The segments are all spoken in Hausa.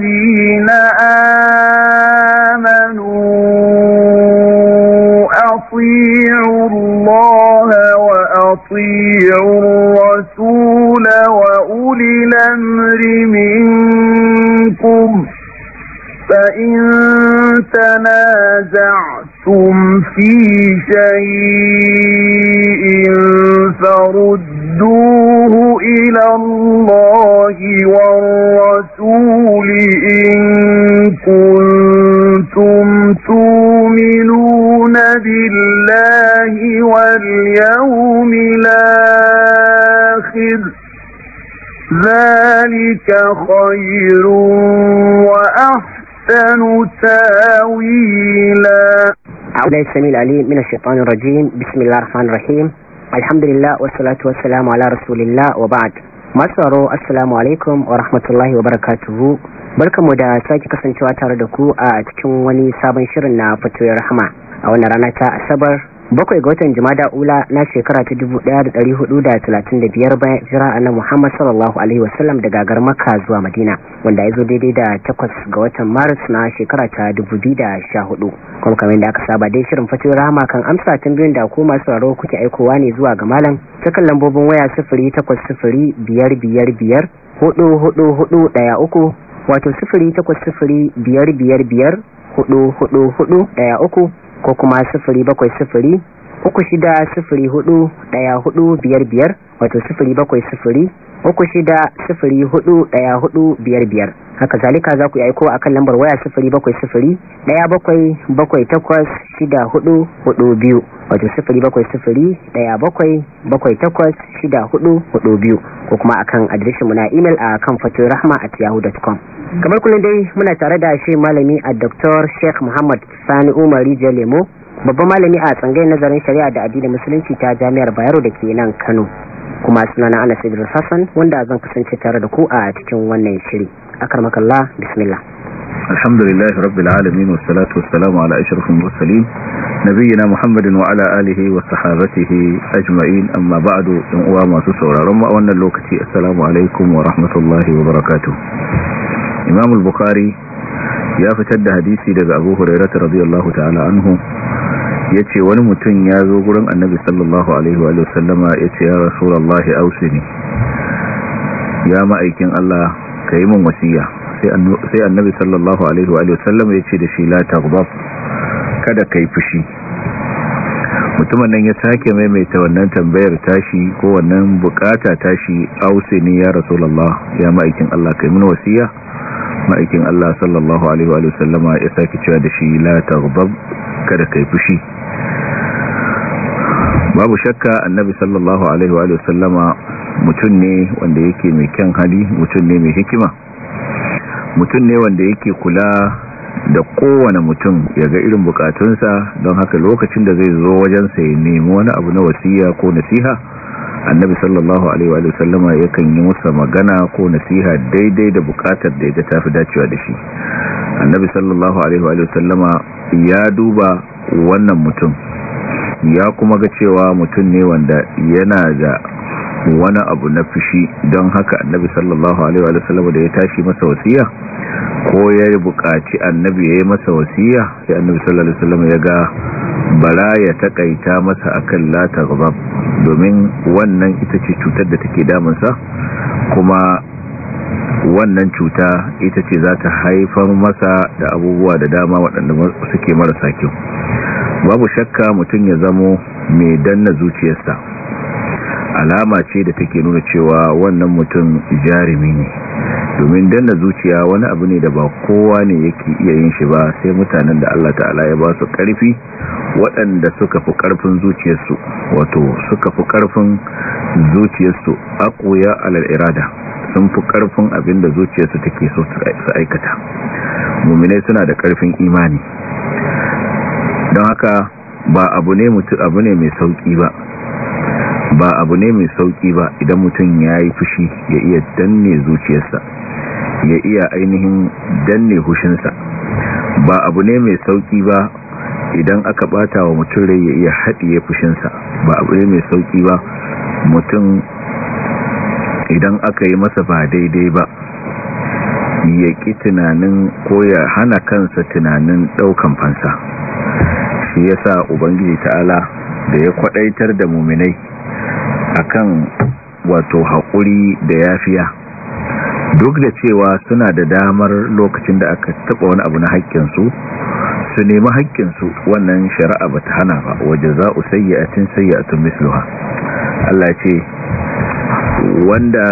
你呢？الله السميع العليم من الشيطان الرجيم بسم الله الرحمن الرحيم الحمد لله والصلاة والسلام على رسول الله وبعد masaro assalamu alaikum wa rahmatullahi wa barakatuhu barkamu da sake kasancewa tare da ku a cikin wani sabon shirin na fatoyar rahama a wani rana ta asabar bakwai ga watan jimada ula na shekara ta 1435 bayan jira annabi Muhammad sallallahu alaihi wasallam daga garin Makka zuwa Madina wanda ya zo daidai da takwas ga watan Maris na shekara ta 2014 kuma kamar da aka saba dai shirin fatin rama kan amsa tun tambayoyin da ko masu sauraro kuke aikowa ne zuwa ga malam cikin lambobin waya biyar ɗaya uku wato biyar biyar biyar hudu hudu hudu ɗaya uku ko kuma sifiri bakwai sifiri uku shida sifiri hudu daya hudu biyar biyar wato sifiri bakwai sifiri uku shida sifiri hudu daya hudu biyar biyar haka zalika za ku yi aiko akan lambar waya sifiri bakwai sifiri daya bakwai bakwai takwas shida hudu hudu biyu wato sifiri bakwai sifiri daya bakwai bakwai takwas shida hudu hudu biyu ko kuma akan adireshin mu na imel a kan fatoyi rahma at yahoo.com kamar kullum dai muna tare da shi malami a dr sheikh muhammad sani umar rijiyar lemo babban malami a tsangayin nazarin shari'a da addinin musulunci ta jami'ar bayero da ke nan kano kuma sunana Anas Idris sassan wanda zan kasance tare da ku a cikin wannan shiri akarmakallah bismillah alhamdulillah rabbil alamin wassalatu wassalamu ala ashrafil mursalin nabiyina muhammadin wa ala alihi wa sahabatihi ajma'in amma ba'du in uwa masu sauraron mu a wannan lokaci assalamu alaikum wa rahmatullahi wa barakatuh imam al-bukhari ya fitar da hadisi daga abu hurairah radiyallahu ta'ala anhu ya ce wani mutum ya zo gurin annabi sallallahu alaihi wa sallama ya ce ya rasulallahi ausini ya ma'aikin Allah ka yi min wasiya sai annabi sallallahu alaihi wa sallama ya ce da shi la taghdab kada ka yi fushi mutumin nan ya sake maimaita wannan tambayar tashi ko wannan bukata tashi ne ya rasulullah ya ma'aikin Allah ka yi min wasiya ma'aikin Allah sallallahu alaihi wa sallama ya sake cewa da shi la taghdab kada kai fushi babu shakka annabi sallallahu alaihi wa sallama mutum ne wanda yake mai kyan hali mutum ne mai hikima mutum ne wanda yake kula da kowane mutum ya ga irin bukatunsa don haka lokacin da zai zo wajensa ya nemi wani abu na wasiya ko nasiha annabi sallallahu alaihi wa sallama yakan yi masa magana ko nasiha daidai da bukatar da ya tafi dacewa da shi annabi sallallahu alaihi wa sallama ya duba wannan mutum ya kuma ga cewa mutum ne wanda yana da wani abu na fushi don haka annabi sallallahu alaihi wa sallama da ya tashi masa wasiya ko ya bukaci annabi ya yi masa wasiya sai annabi sallallahu alaihi wa sallam ya ga bara ya takaita masa akan latar ba domin wannan ita ce cutar da take damunsa kuma wannan cuta ita ce za ta haifar masa da abubuwa da dama waɗanda suke marasa kyau babu shakka mutum ya zamo mai danna zuciyarsa alama ce da take nuna cewa wannan mutum jarumi ne domin danna zuciya wani abu ne da ba kowa ne yake iya yin shi ba sai mutanen da Allah ta'ala ya ba su ƙarfi waɗanda suka fi ƙarfin zuciyarsu wato suka fi ƙarfin zuciyarsu ƙoya alal irada sun fi ƙarfin abin da zuciyarsu take so su aikata mu'minai suna da ƙarfin imani don haka ba abu ne abu ne mai sauƙi ba ba abu ne mai sauki ba idan mutum ya yi fushi ya iya danne zuciyarsa ya iya ainihin danne hushinsa ba abu ne mai sauki ba idan aka bata wa mutum rai ya iya haɗiye fushinsa ba abu ne mai sauki ba mutum idan aka yi masa ba daidai ba ya ƙi tunanin ko ya hana kansa tunanin ɗaukan fansa shi ya sa ubangiji ta'ala da ya kwaɗaitar da muminai akan wato haƙuri da yafiya duk da cewa suna da damar lokacin da aka taba wani abu na haƙƙinsu su nemi haƙƙinsu wannan shari'a ba ta hana ba waje za a sayyatin sayyatun misluha Allah ce wanda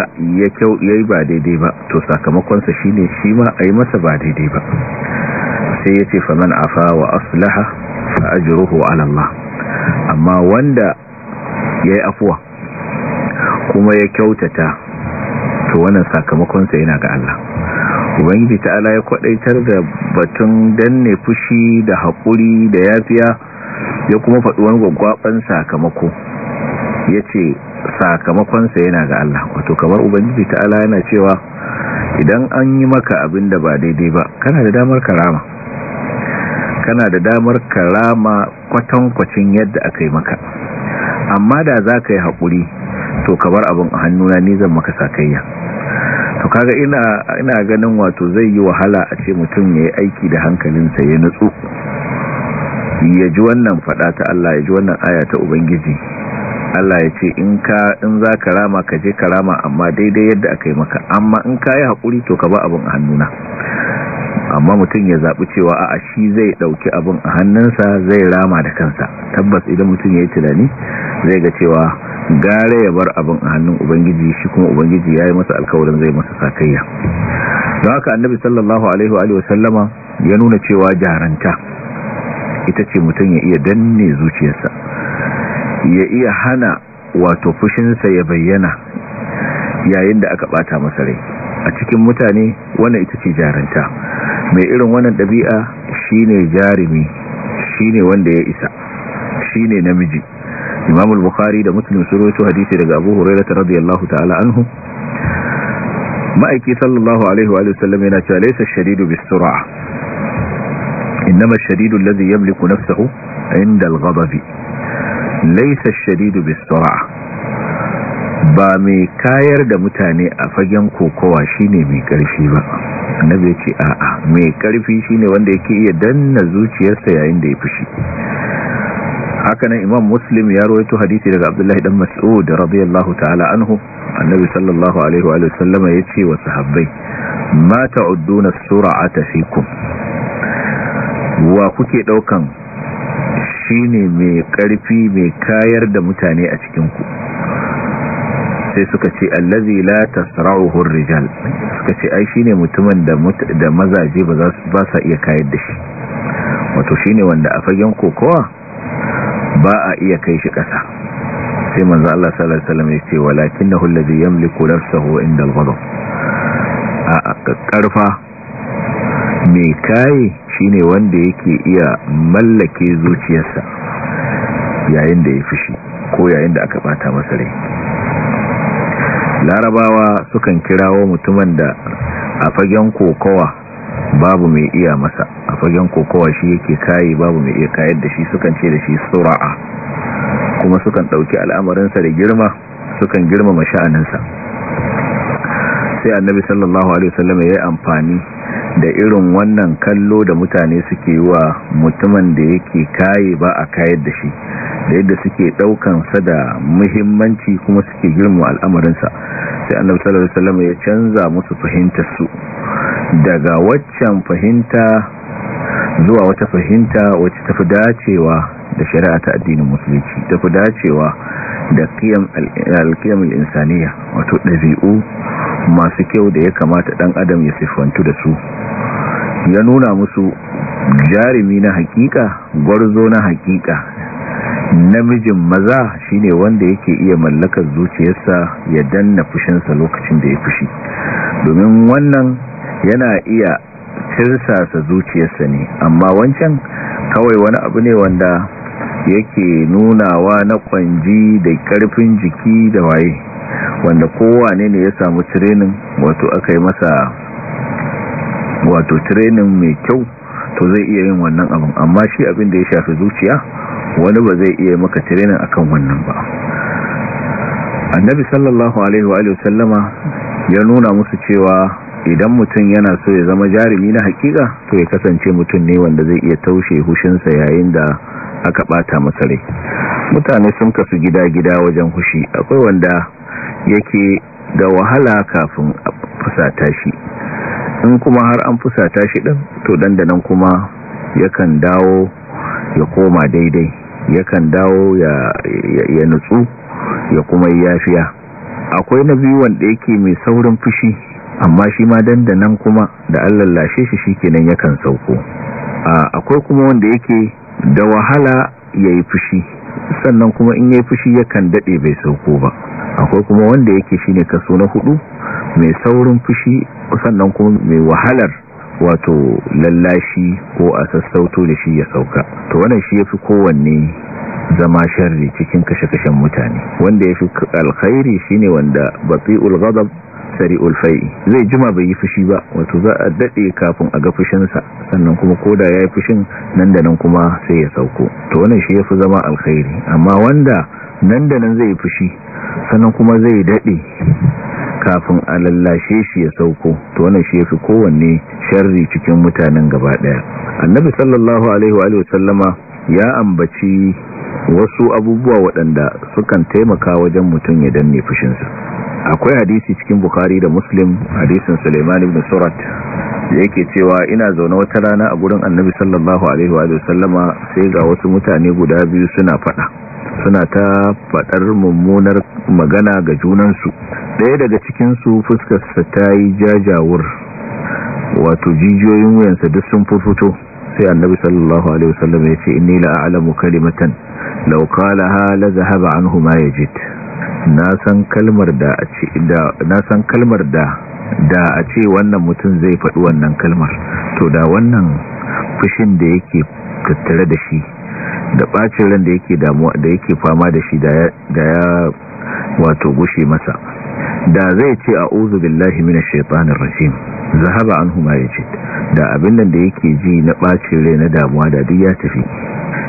ya kyau ya yi ba daidai ba to sakamakonsa shi ne shi ma a yi masa ba daidai ba sai ya ce faman afa wa aslaha fa ajruhu ala Allah amma wanda ya yi afuwa kuma ya kyautata to wannan sakamakonsa yana ga Allah ubangiji ta'ala ya kwadaitar da batun danne fushi da haƙuri da yafiya ya kuma faɗi wani gwaggwaban sakamako ya ce sakamakonsa yana ga Allah wato kamar ubangiji ta'ala yana cewa idan an yi maka abin da ba daidai ba kana da damar karama kana da damar karama kwatankwacin yadda aka yi maka amma da za ka yi haƙuri to ka bar abin a hannuna ni zan maka sakayya to kaga ina ina ganin wato zai yi wahala a ce mutum yayi aiki da hankalinsa ya nutsu ya ji wannan fada ta Allah ya ji wannan aya ta ubangiji Allah ya ce in ka in za ka rama ka je ka rama amma daidai yadda aka yi maka amma in ka yi haƙuri to ka ba abin a hannuna amma mutum ya zaɓi cewa a shi zai ɗauki abin a hannunsa zai rama da kansa tabbas idan mutum ya yi tunani zai ga cewa gare ya bar abin a hannun ubangiji shi kuma ubangiji ya yi masa alkawarin zai masa sakayya don haka annabi sallallahu alaihi wa sallama ya nuna cewa jaranta ita ce mutum ya iya danne zuciyarsa ya iya hana wato fushinsa ya bayyana yayin da aka bata masa rai a cikin mutane wannan ita ce jaranta mai irin wannan ɗabi'a shi ne jarumi shi ne wanda ya isa shi ne namiji imam al-bukhari da muslim su rawaito hadisi daga abu hurairah radiyallahu ta'ala anhu ma'aiki sallallahu alaihi wa sallam yana cewa laysa ash-shadidu bis-sur'a innama ash-shadidu alladhi yamliku nafsahu 'inda al-ghadab laysa ash-shadidu bis-sur'a ba mai kayar da mutane a fagen kokowa shine mai karfi ba annabi ya ce a'a mai karfi shine wanda yake iya danna zuciyarsa yayin da ya fushi hakanan imam muslim ya rawaito hadisi daga abdullahi dan mas'ud radiyallahu ta'ala anhu annabi sallallahu alaihi wa sallama yace wa sahabbai ma ta'udduna sur'ata fikum wa kuke daukan shine mai karfi mai kayar da mutane a cikin ku sai suka ce allazi la tasra'uhu ar-rijal suka ce ai shine mutumin da da mazaje ba za su ba sa iya kayar da shi wato shine wanda a fagen kokowa ba a iya kai shi ƙasa sai manzo Allah sallallahu alaihi wasallam ya ce walakinahu allazi yamliku nafsuhu inda al-ghadab a karfa mai kai shine wanda yake iya mallake zuciyarsa yayin da ya fishi ko yayin da aka bata masa rai larabawa sukan kirawo mutumin da a fagen kokowa babu mai iya masa a fagen kokowa shi yake kayi babu mai iya kayar da shi sukan ce da shi sura'a kuma sukan ɗauki al'amarinsa da girma sukan girmama sha'aninsa sai annabi sallallahu alaihi wasallam ya yi amfani da irin wannan kallo da mutane suke yi wa mutumin da yake kayi ba a kayar da shi da yadda suke sa da muhimmanci kuma suke girma al'amarinsa sai annabi sallallahu alaihi wasallam ya canza musu fahimtar su daga waccan fahimta zuwa wata fahimta wacce tafi dacewa da shari'a ta addinin musulunci tafi dacewa da alkiyam al'insaniya wato ɗabi'u masu kyau da ya kamata ɗan adam ya siffantu da su ya nuna musu jarumi na hakika gwarzo na hakika namijin maza shine wanda yake iya mallakar zuciyarsa ya danna fushinsa lokacin da ya fushi domin wannan yana iya cirsasa zuciyarsa ne amma wancan kawai wani abu ne wanda yake nunawa na kwanji da karfin jiki da waye wanda kowane ne ya samu tirenin wato aka yi masa wato tirenin mai kyau to zai iya yin wannan abin amma shi abin da ya shafi zuciya wani ba zai iya maka training akan wannan ba annabi sallallahu alaihi wa sallama ya nuna musu cewa idan mutum yana so ya zama jarumi na hakika to ya kasance mutum ne wanda zai iya taushe hushinsa yayin da aka bata masa mutane sun kasu gida-gida wajen hushi akwai wanda yake da wahala kafin a fusata shi in kuma har an fusata shi din to dandanan kuma yakan dawo ya koma daidai yakan dawo ya, nutsu ya kuma yi yafiya akwai na biyu wanda yake mai saurin fushi amma shi ma dandanan kuma da an lallashe shi kenan yakan sauko akwai kuma wanda yake da wahala ya yi fushi sannan kuma in ya yi fushi yakan dade bai sauko ba akwai kuma wanda yake shine kaso na hudu mai saurin fushi sannan kuma mai wahalar wato lallashi ko a sassauto da shi ya sauka to wannan shi yafi kowanne zama sharri cikin kashe-kashen mutane wanda ya fi alkhairi shine wanda batsi ghadab sari ulfai zai jima bai yi fushi ba wato za a dade kafin a ga fushinsa sannan kuma koda yayi fushin nan da nan kuma sai ya sauko to wannan shi yafi zama alkhairi amma wanda nan da nan zai fushi sannan kuma zai daɗe kafin a lallashe shi ya sauko to wannan shi yafi kowanne sharri cikin mutanen gaba daya annabi sallallahu alaihi wa sallama ya ambaci wasu abubuwa waɗanda sukan taimaka wajen mutum ya danne fushinsa akwai hadisi cikin bukhari da muslim hadisin suleiman ibn surat da yake cewa ina zaune wata rana a gurin annabi sallallahu alaihi wa sallama sai ga wasu mutane guda biyu suna fada suna ta fadar mummunar magana ga junansu ɗaya daga cikinsu fuskarsa ta yi jajawur wato jijiyoyin wuyansa duk sun furfuto sai annabi sallallahu alaihi wasallam ya ce inni la a'lamu kalimatan law qalaha la zahaba anhu ma yajid na san kalmar da a ce wannan mutum zai faɗi wannan kalmar to da wannan fushin da yake tattare da shi da ɓacin ran da yake fama da shi da ya wato gushe masa da zai ce a a'udhu billahi mina shaitanir rajim zahaba an huma ya ce da abin nan da yake ji na ɓacin rai na damuwa da duk ya tafi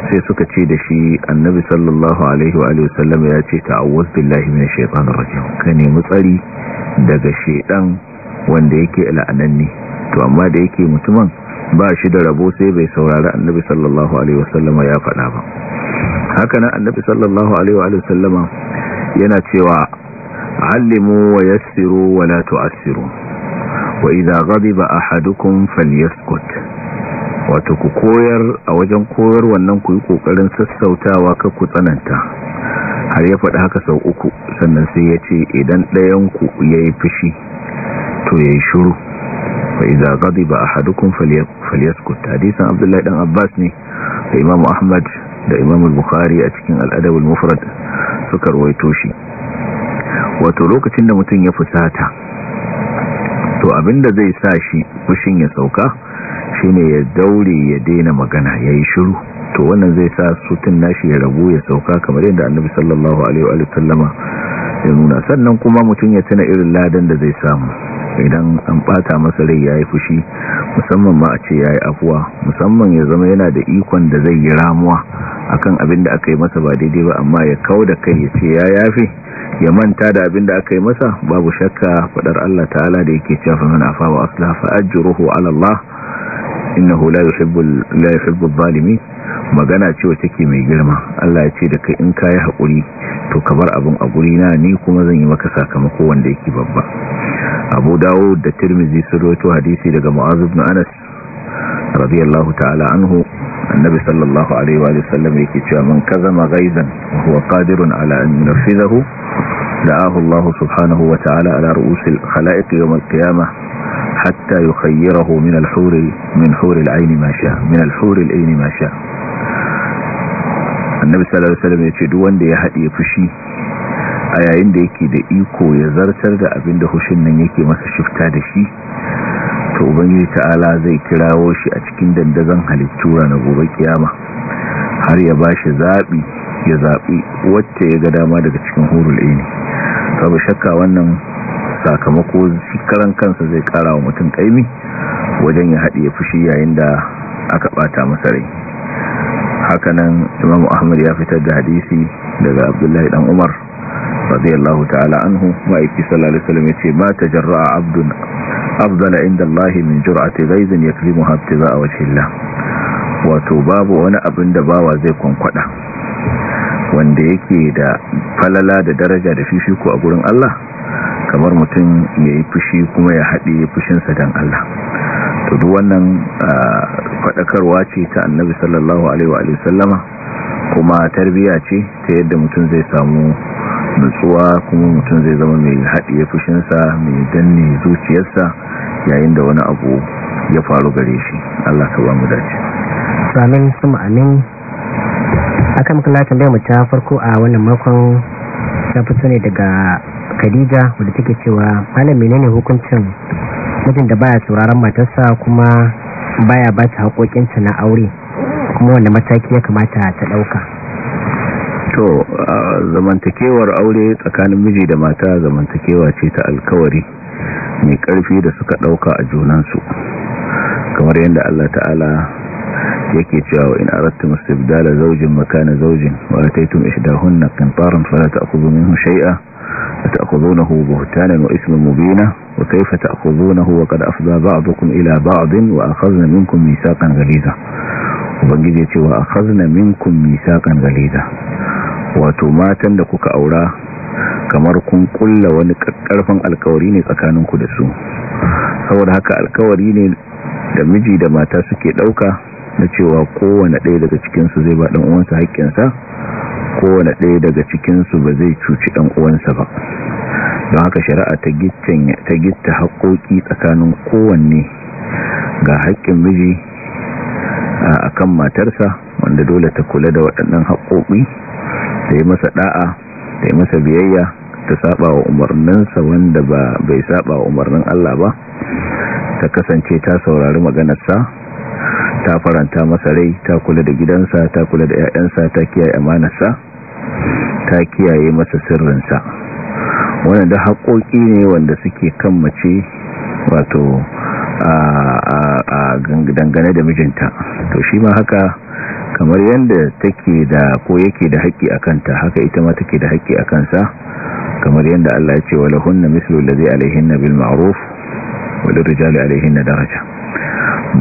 sai suka ce da shi annabi sallallahu alaihi wa sallam ya ce ta'awwaz billahi minash shaitanir rajim ka nemi tsari daga shedan wanda yake la'ananne to amma da yake mutumin ba shi da rabo sai bai saurari annabi sallallahu alaihi wa sallama ya faɗa ba haka nan annabi sallallahu alaihi wa sallama yana cewa allimu wa yassiru wa la tu'assiru wa idza ghadiba ahadukum falyaskut wato ku koyar a wajen koyar wannan ku yi kokarin sassautawa ka ku tsananta har ya faɗi haka sau uku sannan sai ya ce idan ɗayan ku yayi fushi to yayi shiru fa idza ghadiba ahadukum falyaskut hadisin abdullahi dan abbas ne da imamu ahmad da imamu bukhari a cikin al al-mufrad suka rawaito shi wato lokacin da mutum ya fusata to abin da zai sa shi fushin ya sauka shi ne ya daure ya daina magana ya yi shiru to wannan zai sa sutun nashi ya rabu ya sauka kamar yadda annabi sallallahu alaihi wa sallama ya nuna sannan kuma mutum ya tuna irin ladan da zai samu idan an bata masa rai yayi fushi musamman ma a ce yayi afuwa musamman ya zama yana da ikon da zai yi ramuwa akan abin da aka yi masa ba daidai ba amma ya kauda kai ya ce ya yafe ya manta da abin da aka yi masa babu shakka fadar Allah ta'ala da yake cewa fa man afa wa aslaha fa ajruhu ala Allah innahu la yuhibbu la yuhibbu magana ce wacce ke mai girma Allah ya ce da kai in kai hakuri to ka bar abin a guri na ni kuma zan yi maka sakamako wanda yake babba Abu Dawud da Tirmidhi sun rawaito hadisi daga Mu'adh ibn Anas radiyallahu ta'ala anhu annabi sallallahu alaihi wa sallam yake cewa man kazama ghaizan huwa qadirun ala an yunfidahu Allah subhanahu wa ta'ala ala ru'usil khalaiq yawm al-qiyamah hatta yukhayyirahu min ma sha min al-huri al-ayn ma annabi yace duk wanda ya hade fushi a yayin da yake da iko ya zartar da abin da hushin nan yake masa shifta da shi to ubangiji ta'ala zai kirawo shi a cikin dandazon halittu na gobe kiyama har ya bashi zabi ya zabi wacce ya ga dama daga cikin hurul ayn babu shakka wannan sakamako shi kansa zai kara wa mutum kaimi wajen ya haɗe fushi yayin da aka ɓata masa rai hakanan imam ahmad ya fitar da hadisi daga abdullahi dan umar radiyallahu ta'ala anhu ma'aiki sallallahu alaihi wasallam yace ma tajarra'a abdun afdala inda Allah min jur'ati ghaizin yaklimuha za'a wajhillah wato babu wani abin da bawa zai kwankwada wanda yake da falala da daraja da fifiko a gurin Allah kamar mutum ya yi fushi kuma ya haɗe fushinsa don Allah to duk wannan faɗakarwa ce ta annabi sallallahu alaihi wa kuma tarbiya ce ta yadda mutum zai samu nutsuwa kuma mutum zai zama mai haɗiye fushinsa mai danne zuciyarsa yayin da wani abu ya faru gare shi Allah ka ba mu dace samin kuma amin akan kula tambayar mu ta farko a wannan makon ta fito ne daga khadija wadda take cewa malam menene hukuncin mutum da baya sauraron matarsa kuma baya ba ta haƙoƙinta na aure kuma wanda mataki ya kamata ta ɗauka to zamantakewar aure tsakanin miji da mata zamantakewa ce ta alkawari mai ƙarfi da suka ɗauka a junansu kamar yadda allah ta'ala yake cewa in arattum istibdala zaujin makana zawjin wa ataytum ihdahunna qintaran fala ta'khudhu minhu shaia. وتأخذونه بهتانا وإثم مبينة وكيف تأخذونه وقد أفضى بعضكم إلى بعض وأخذنا منكم ميساقا غليظا وبنجي ce wa akhazna minkum misaqan galiza wato matan da kuka aura kamar kun kulla wani karfin alkawari ne tsakaninku da su saboda haka alkawari ne da miji da mata suke dauka na cewa kowane ɗaya daga cikinsu zai ba ɗan uwansa haƙƙinsa kowane ɗaya daga cikinsu ba zai cuci ɗan uwansa ba don haka shari'a ta gitta haƙoƙi tsakanin kowanne ga haƙƙin miji a kan matarsa wanda dole ta kula da waɗannan haƙoƙi ta yi masa ɗa'a ta yi masa biyayya ta saba wa umarninsa wanda ba bai saba wa umarnin Allah ba ta kasance ta saurari maganarsa ta faranta masa rai ta kula da gidansa ta kula da 'ya'yansa ta kiyaye amanarsa ta kiyaye masa sirrinsa wadanda da haƙoƙi ne wanda suke kan mace wato a dangane da mijinta to shi ma haka kamar yadda take da ko yake da haƙƙi a kanta haka ita ma take da haƙƙi a kansa kamar yadda Allah ya ce wa lahunna mislu allazi alaihinna bil ma'ruf wa lirrijali alaihinna daraja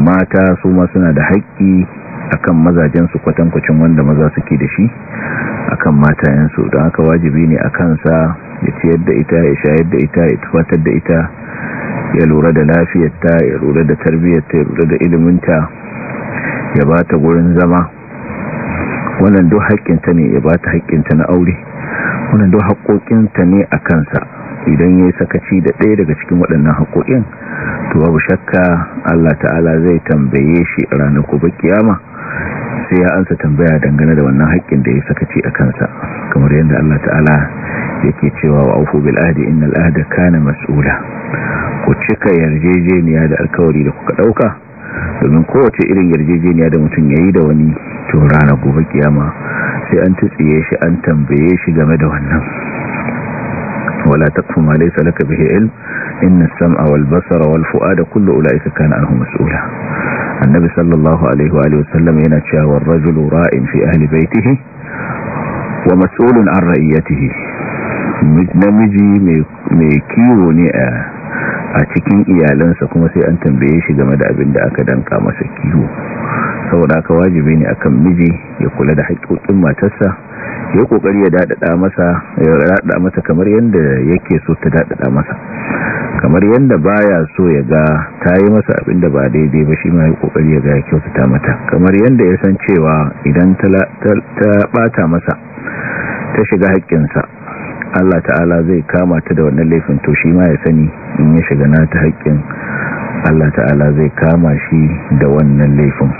mata su ma suna da haƙƙi akan mazajensu kwatankwacin wanda maza suke da shi akan matayensu don haka wajibi ne a kansa ya ciyar da ita ya shayar da ita ya tufatar da ita ya lura da lafiyarta ya lura da tarbiyyarta ya lura da iliminta ya ba ta gurin zama wannan duk haƙƙinta ne ya ba ta haƙƙinta na aure wannan duk haƙƙoƙinta ne a kansa idan ya yi sakaci da ɗaya daga cikin waɗannan haƙoƙin to babu shakka Allah ta'ala zai tambaye shi ranar kubar kiyama sai ya ansa tambaya dangane da wannan haƙƙin da ya sakaci a kansa kamar yadda Allah ta'ala yake cewa wa aufu bil ahdi innal ahda kana mas'ula ku cika yarjejeniya da alkawari da kuka dauka domin kowace irin yarjejeniya da mutum yayi da wani to rana gobe kiyama sai an tutsiye shi an tambaye shi game da wannan wala taqfu ma laysa laka bihi ilm inna sam'a wal basara wal fu'ada kullu ulaika kana anhu mas'ula annabi sallallahu alaihi wa alihi wasallam yana cewa war rajulu ra'in fi ahli baitihi wa mas'ulun an ra'iyatihi namiji mai kiwo ne a cikin iyalansa kuma sai an tambaye shi game da abin da aka danka masa kiwo saboda ka wajibi ne akan miji ya kula da haƙƙoƙin matarsa ya kokari ya dadada masa ya dadada masa kamar yanda yake so ta dadada masa kamar yanda baya so ya ga tayi masa abin da ba daidai ba shi ma ya kokari ya ga ya kyautata mata kamar yanda ya san cewa idan ta ta bata masa ta shiga sa Allah ta'ala zai kama ta da wannan laifin to shi ma ya sani in ya shiga nata haƙƙin Allah ta'ala zai kama shi da wannan laifin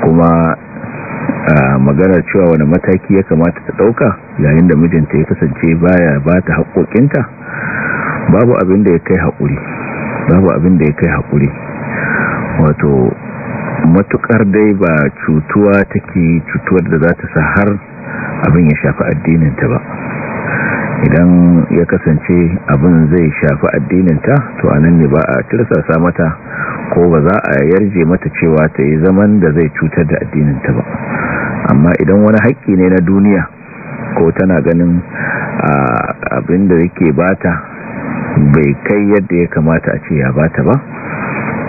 kuma maganar cewa wani mataki ya kamata ta dauka yayin da mijinta ya kasance baya ba ta haƙoƙinta babu abin da ya kai haƙuri babu abin da ya kai haƙuri wato matuƙar dai ba cutuwa take cutuwar da za ta sa har abin ya shafi addininta ba idan ya kasance abin zai shafi addininta to anan ne ba a tirsasa mata ko ba za a yarje mata cewa ta yi zaman da zai cutar da addininta ba amma idan wani haƙƙi ne na duniya ko tana ganin abin da yake bata bai kai yadda ya kamata a ce ya bata ba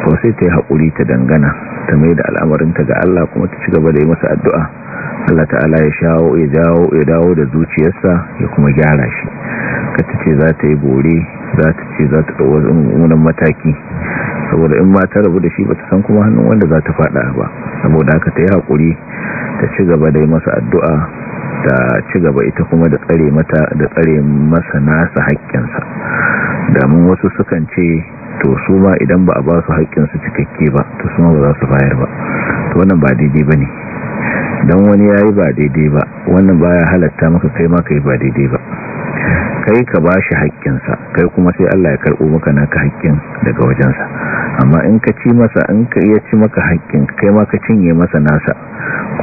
ko sai ta yi haƙuri ta dangana ta mai da al'amarinta ga Allah kuma ta ci gaba da yi masa addu'a Allah ta'ala ya shawo ya dawo ya dawo da zuciyarsa ya kuma gyara shi kata ce za ta yi bore za ta ce za ta ɗau wasu mataki saboda in ma ta rabu da shi ba ta san kuma hannun wanda za ta faɗa ba saboda haka ta yi haƙuri ta ci gaba da yi masa addu'a ta ci gaba ita kuma da tsare mata da tsare masa nasa haƙƙinsa damun wasu sukan ce to su ma idan ba a ba su haƙƙinsu cikakke ba to su ma ba za su bayar ba to wannan ba daidai ba ne don wani ya yi ba daidai ba wannan ya halatta maka kai ma ka yi ba daidai ba kai ka ba shi haƙƙinsa kai kuma sai Allah ya karɓo maka na ka haƙƙin daga wajensa amma in ka ci masa in ka iya ci maka haƙƙin kai ma ka cinye masa nasa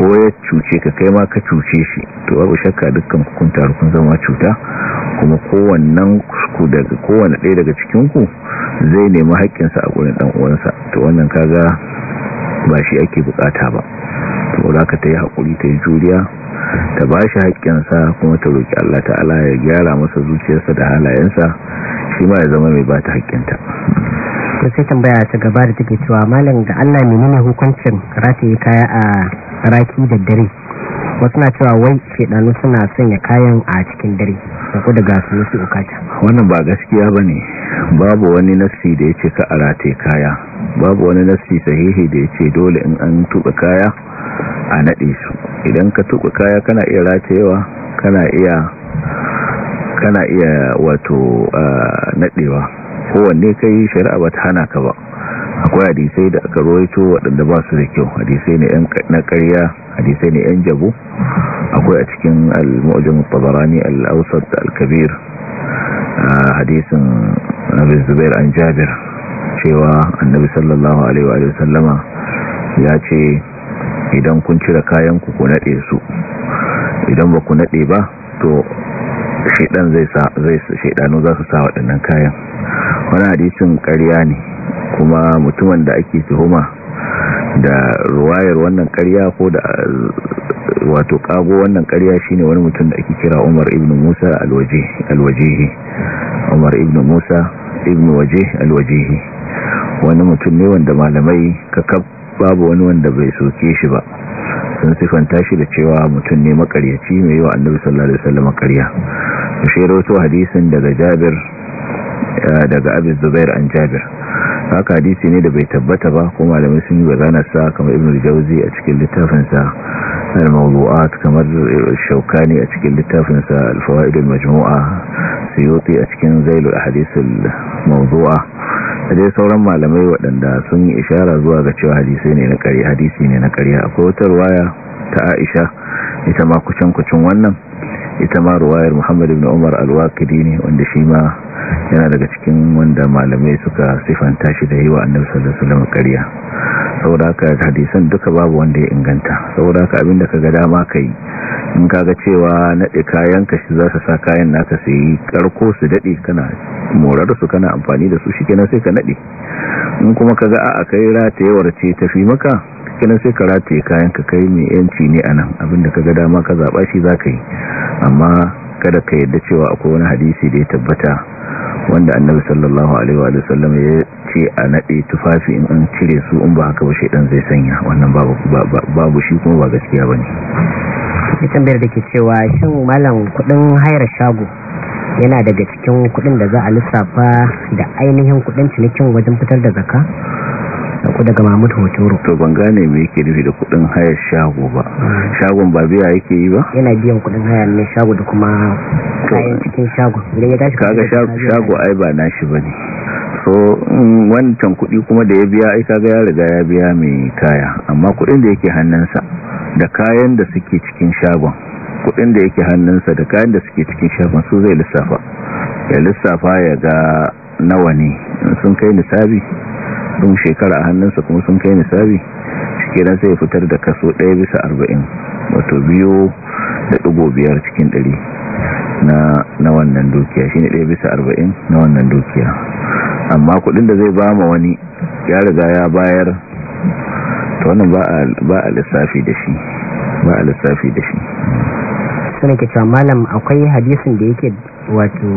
ko ya cuce ka kai ma ka cuce shi to babu shakka dukkan hukunta rukun zama cuta kuma kowannen ku daga kowane ɗaya daga cikin ku zai nemi haƙƙinsa a gurin ɗan uwansa to wannan kaga ba shi ake bukata ba to za ka ta yi haƙuri ta yi juriya ta ba shi haƙƙinsa kuma ta roƙi Allah ta'ala ya gyara masa zuciyarsa da halayensa shi ma ya zama mai ba ta haƙƙinta to sai tambaya ta gaba da take cewa malam da Allah menene hukuncin rataye kaya a raki da dare wasu na cewa wai shedanu suna sanya kayan a cikin dare ko daga su su ukata wannan ba gaskiya ba ne babu wani nassi da ya ce ka arate kaya babu wani nassi sahihi da ya ce dole in an tuɓa kaya a naɗe su idan ka tuɓa kaya kana iya ratewa kana iya kana iya wato naɗewa kowanne kai shari'a ba ta hana ka ba akwai hadisai da aka rawaito waɗanda ba su da kyau hadisai ne na karya hadisai ne 'yan jabo akwai a cikin al-mu'jam tabarani al-awsat al-kabir hadisin Nabi zubair an jabir cewa annabi sallallahu alaihi wa sallama ya ce idan kun cire kayan ku naɗe su idan ba ku naɗe ba to shaidan zai sa zai za su sa waɗannan kayan wani hadisin ƙarya ne kuma mutumin da ake tuhuma da ruwayar wannan karya ko da wato kago wannan karya shine wani mutum da ake kira Umar ibn Musa al Umar ibn Musa ibn waje al wani mutum ne wanda malamai kakab babu wani wanda bai soke shi ba sun sifanta shi da cewa mutum ne makaryaci mai wa annabi sallallahu alaihi wasallam karya shi rawaito hadisin daga Jabir Eh, daga abin zubair an jabir haka hadisi ne da bai tabbata ba kuma malamai sun yi bazana sa kamar ibn jauzi a cikin littafinsa al-mawdu'at kamar shaukani a cikin littafinsa al-fawaid al-majmu'a suyuti a cikin zailul ahadith al-mawdu'a dai sauran malamai waɗanda sun yi ishara zuwa ga cewa hadisi ne na ƙarya hadisi ne na ƙarya akwai wata ruwaya ta Aisha ita ma kucin kucin wannan ita ma ruwayar muhammad ibn umar al ne wanda shi ma yana daga cikin wanda malamai suka sifanta shi da yi wa annabi sallallahu alaihi wasallam ƙarya saboda ka hadisan duka babu wanda ya inganta saboda ka abin da kaga dama kai in kaga cewa nade kayan ka shi zaka sa kayan naka sai karko su dade kana morar su kana amfani da su na sai ka nade in kuma kaga a'a kai ratayewar ce tafi maka kenan sai ka yi kayan ka kai mai yanci ne a nan abinda ka ga dama ka zaɓa shi za ka yi amma kada ka yadda cewa akwai wani hadisi da ya tabbata wanda annabi sallallahu alaihi wa sallam ya ce a naɗe tufafi in an cire su in ba haka ba shaidan zai sanya wannan babu shi kuma ba gaskiya bane sai tambayar da ke cewa shin malam kudin hayar shago yana daga cikin kudin da za a lissafa da ainihin kudin cinikin wajen fitar da zaka da ku daga mamu da hotoro to ban gane mai yake nufi da kudin hayar shago ba hmm. shagon ba biya yake yi ba yana biyan kudin hayar ne shago da kuma kayan cikin shago idan ya tashi kaga shago ai ba nashi ne. so wancan kudi kuma da ya biya ai kaga ya riga ya biya mai kaya amma kudin da yake hannunsa da kayan da suke cikin shagon kudin da yake hannunsa da kayan da suke cikin shagon su zai lissafa ya lissafa ya ga nawa ne sun kai nisabi dun shekara a hannunsa kuma sun kai nisabi shi nan sai ya fitar da kaso ɗaya bisa arba'in wato biyu da ɗigo biyar cikin ɗari na wannan dukiya shi ne ɗaya bisa arba'in na wannan dukiya amma kuɗin da zai ba ma wani ya riga ya bayar ta wannan ba a lissafi da shi ba a lissafi da shi suna malam akwai hadisin da yake wato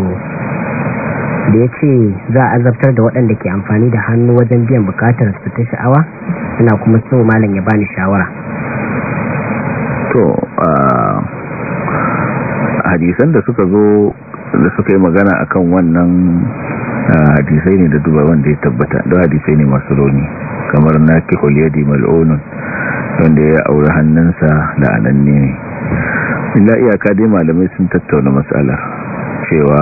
da ya ce za a azabtar da waɗanda ke amfani da hannu wajen biyan bukatar su ta sha'awa suna kuma so malam ya bani shawara to hadisan da suka zo da suka yi magana akan wannan hadisai ne da duba wanda ya tabbata da hadisai ne masu roni kamar na kihul di mal'onun wanda ya aure hannunsa da ananne ne ina iyaka dai malamai sun tattauna matsalar cewa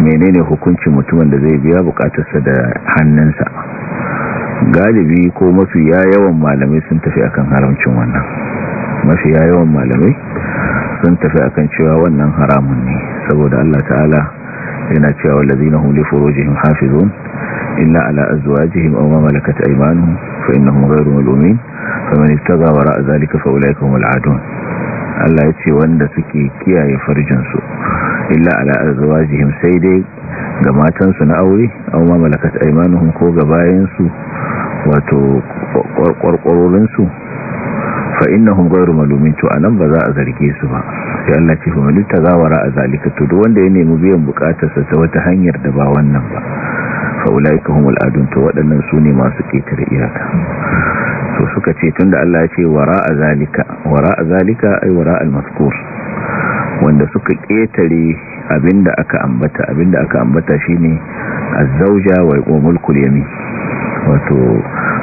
menene hukuncin mutumin da zai biya bukatarsa da hannunsa galibi ko mafiya yawan malamai sun tafi akan haramcin wannan mafiya yawan malamai sun tafi akan cewa wannan haramun ne saboda Allah ta'ala yana cewa wallazina hum li furujihim hafizun illa ala azwajihim aw ma malakat aymanuhum fa innahum ghayru malumin faman ittaqa wara'a zalika fa ulaika humul adun Allah ya ce wanda suke kiyaye farjinsu illa ala azwajihim sai dai ga matansu na aure aw ma malakat aymanuhum ko ga bayansu wato kwarkwarorinsu fa innahum ghayru malumin to anan ba za a zarge su ba sai Allah ce fa malita zawara a zalika to duk wanda ya nemi biyan bukatarsa ta wata hanyar da ba wannan ba fa ulaika humul adun to waɗannan su ne masu ƙetare iyaka suka ce tunda Allah ya ce wara zalika wara'a zalika ai wara al maskur wanda suka ketare abinda aka ambata abinda aka ambata shine az-zawja wa mulkul yamin wato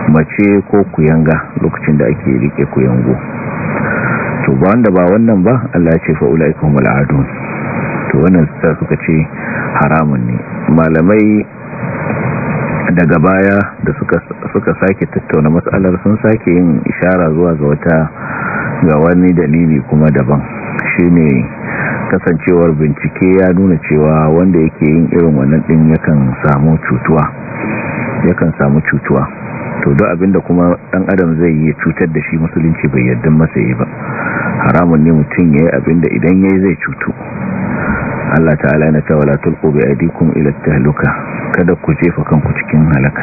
mace ko kuyanga lokacin da ake rike kuyango to ba wanda ba wannan ba Allah ya ce fa ulaikumul adun to wannan suka ce haramun ne malamai daga baya da suka sake tattauna matsalar sun sake yin ishara zuwa ga wata ga wani dalili kuma daban shi ne kasancewar bincike ya nuna cewa wanda yake yin irin wannan din yakan samu cutuwa yakan samu cutuwa to duk abinda kuma dan adam zai yi cutar da shi musulunci bai yarda masa yi ba haramun ne mutum yayi abinda idan yayi zai cutu Allah ta'ala na cewa la tulqu bi aydikum ila tahluka kada ku jefa kanku cikin halaka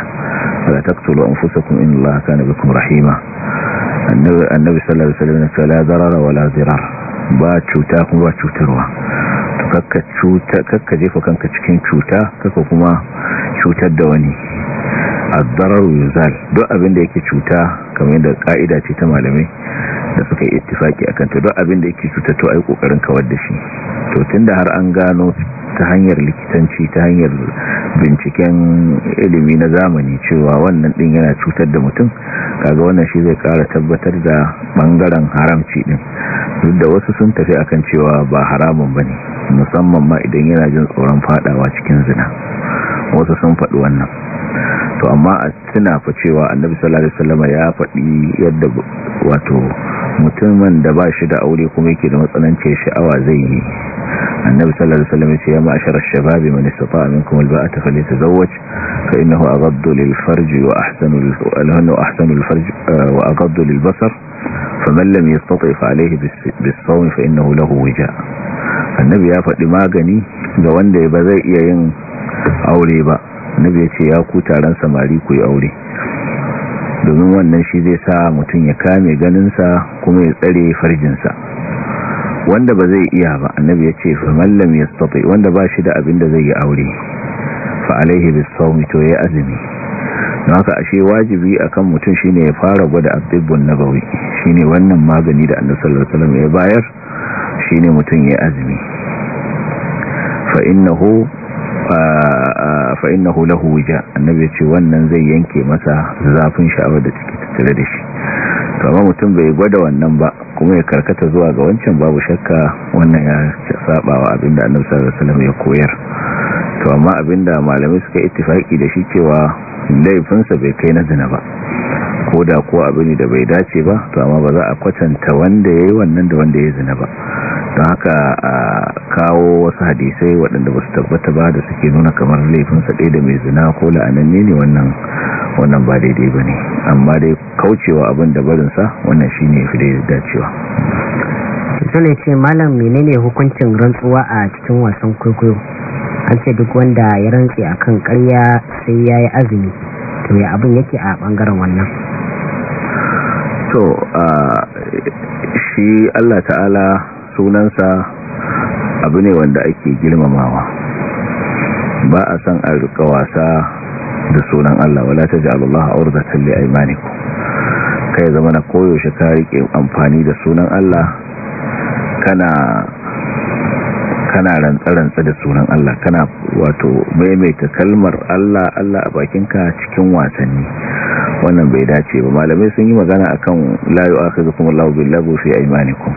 wala taqtulu anfusakum inna Allaha kana bikum rahima annabi annabi sallallahu alaihi wasallam ya la darara wala zirar ba cuta kuma ba cutarwa to kakka cuta kakka jefa kanka cikin cuta kakka kuma cutar da wani azzararu yuzal duk abin da yake cuta kamar yadda ka'ida ce ta malamai da suka yi ittifaki akan ta don abin da yake cuta to ai kokarin kawar da shi to tunda har an gano ta hanyar likitanci ta hanyar binciken ilimi na zamani cewa wannan din yana cutar da mutum kaga wannan shi zai kara tabbatar da bangaren haramci din duk da wasu sun tafi akan cewa ba haramun ba ne musamman ma idan yana jin tsoron fadawa cikin zina wasu sun faɗi wannan to amma a tuna cewa annabi sallallahu alaihi wasallam ya faɗi yadda wato mutumin da ba shi da aure kuma yake da matsananci sha'awa zai yi annabi sallallahu alaihi wasallam ya ma'ashar ash-shababi man istata'a minkum al-ba'ata falyatazawwaj fa innahu aghaddu lil-farj wa ahsanu lil-ahsanu ahsanu lil-farj wa aghaddu lil-basar faman lam yastati' fa alayhi bis-sawm fa innahu lahu wija annabi ya faɗi magani ga wanda ba zai iya yin aure ba annabi ya ce ya ku taron samari ku yi aure domin wannan shi zai sa mutum ya kame ganinsa kuma ya tsare farjinsa wanda ba zai iya ba annabi ya ce famallam ya stati wanda ba shi da abin da zai yi aure fa alaihi bisawmi to ya azumi don haka ashe wajibi akan mutum shine ya fara gwada abdibbun nabawi shine wannan magani da annabi sallallahu alaihi wasallam ya bayar shine mutum ya azumi fa innahu fa innahu lahu wija annabi ce wannan zai yanke masa zafin sha'awar da take tattare da shi kama mutum bai gwada wannan ba kuma ya karkata zuwa ga wancan babu shakka wannan ya saba wa abinda annabi sallallahu alaihi ya koyar to amma abinda malamai suka ittifaki da shi cewa laifinsa bai kai na zina ba ko da ko abin ne da bai dace ba to amma ba za a kwatanta wanda yayi wannan da wanda ya zina ba don haka a kawo wasu hadisai waɗanda ba su tabbata ba da suke nuna kamar laifinsa ɗaya da mai zina ko la'ananne ne wannan wannan ba daidai ba ne amma dai kaucewa abin da barinsa wannan shi ne fi dacewa sule ce malam mene ne hukuncin rantsuwa a cikin wasan kwaikwayo an ce duk wanda ya rantse kan karya sai ya yi azumi to ya abin yake a bangaren wannan to shi Allah ta'ala sunansa abu ne wanda ake girmamawa ba a san a rika wasa da sunan Allah wala ta taj'alullaha urdatan a aimaniku kai zama na koyaushe ka rike amfani da sunan Allah kana kana rantsa-rantsa da sunan Allah kana wato maimaita kalmar Allah Allah a bakinka cikin wasanni wannan bai dace ba malamai sun yi magana akan la yu'akhidhukum Allahu bil labu fi aymanikum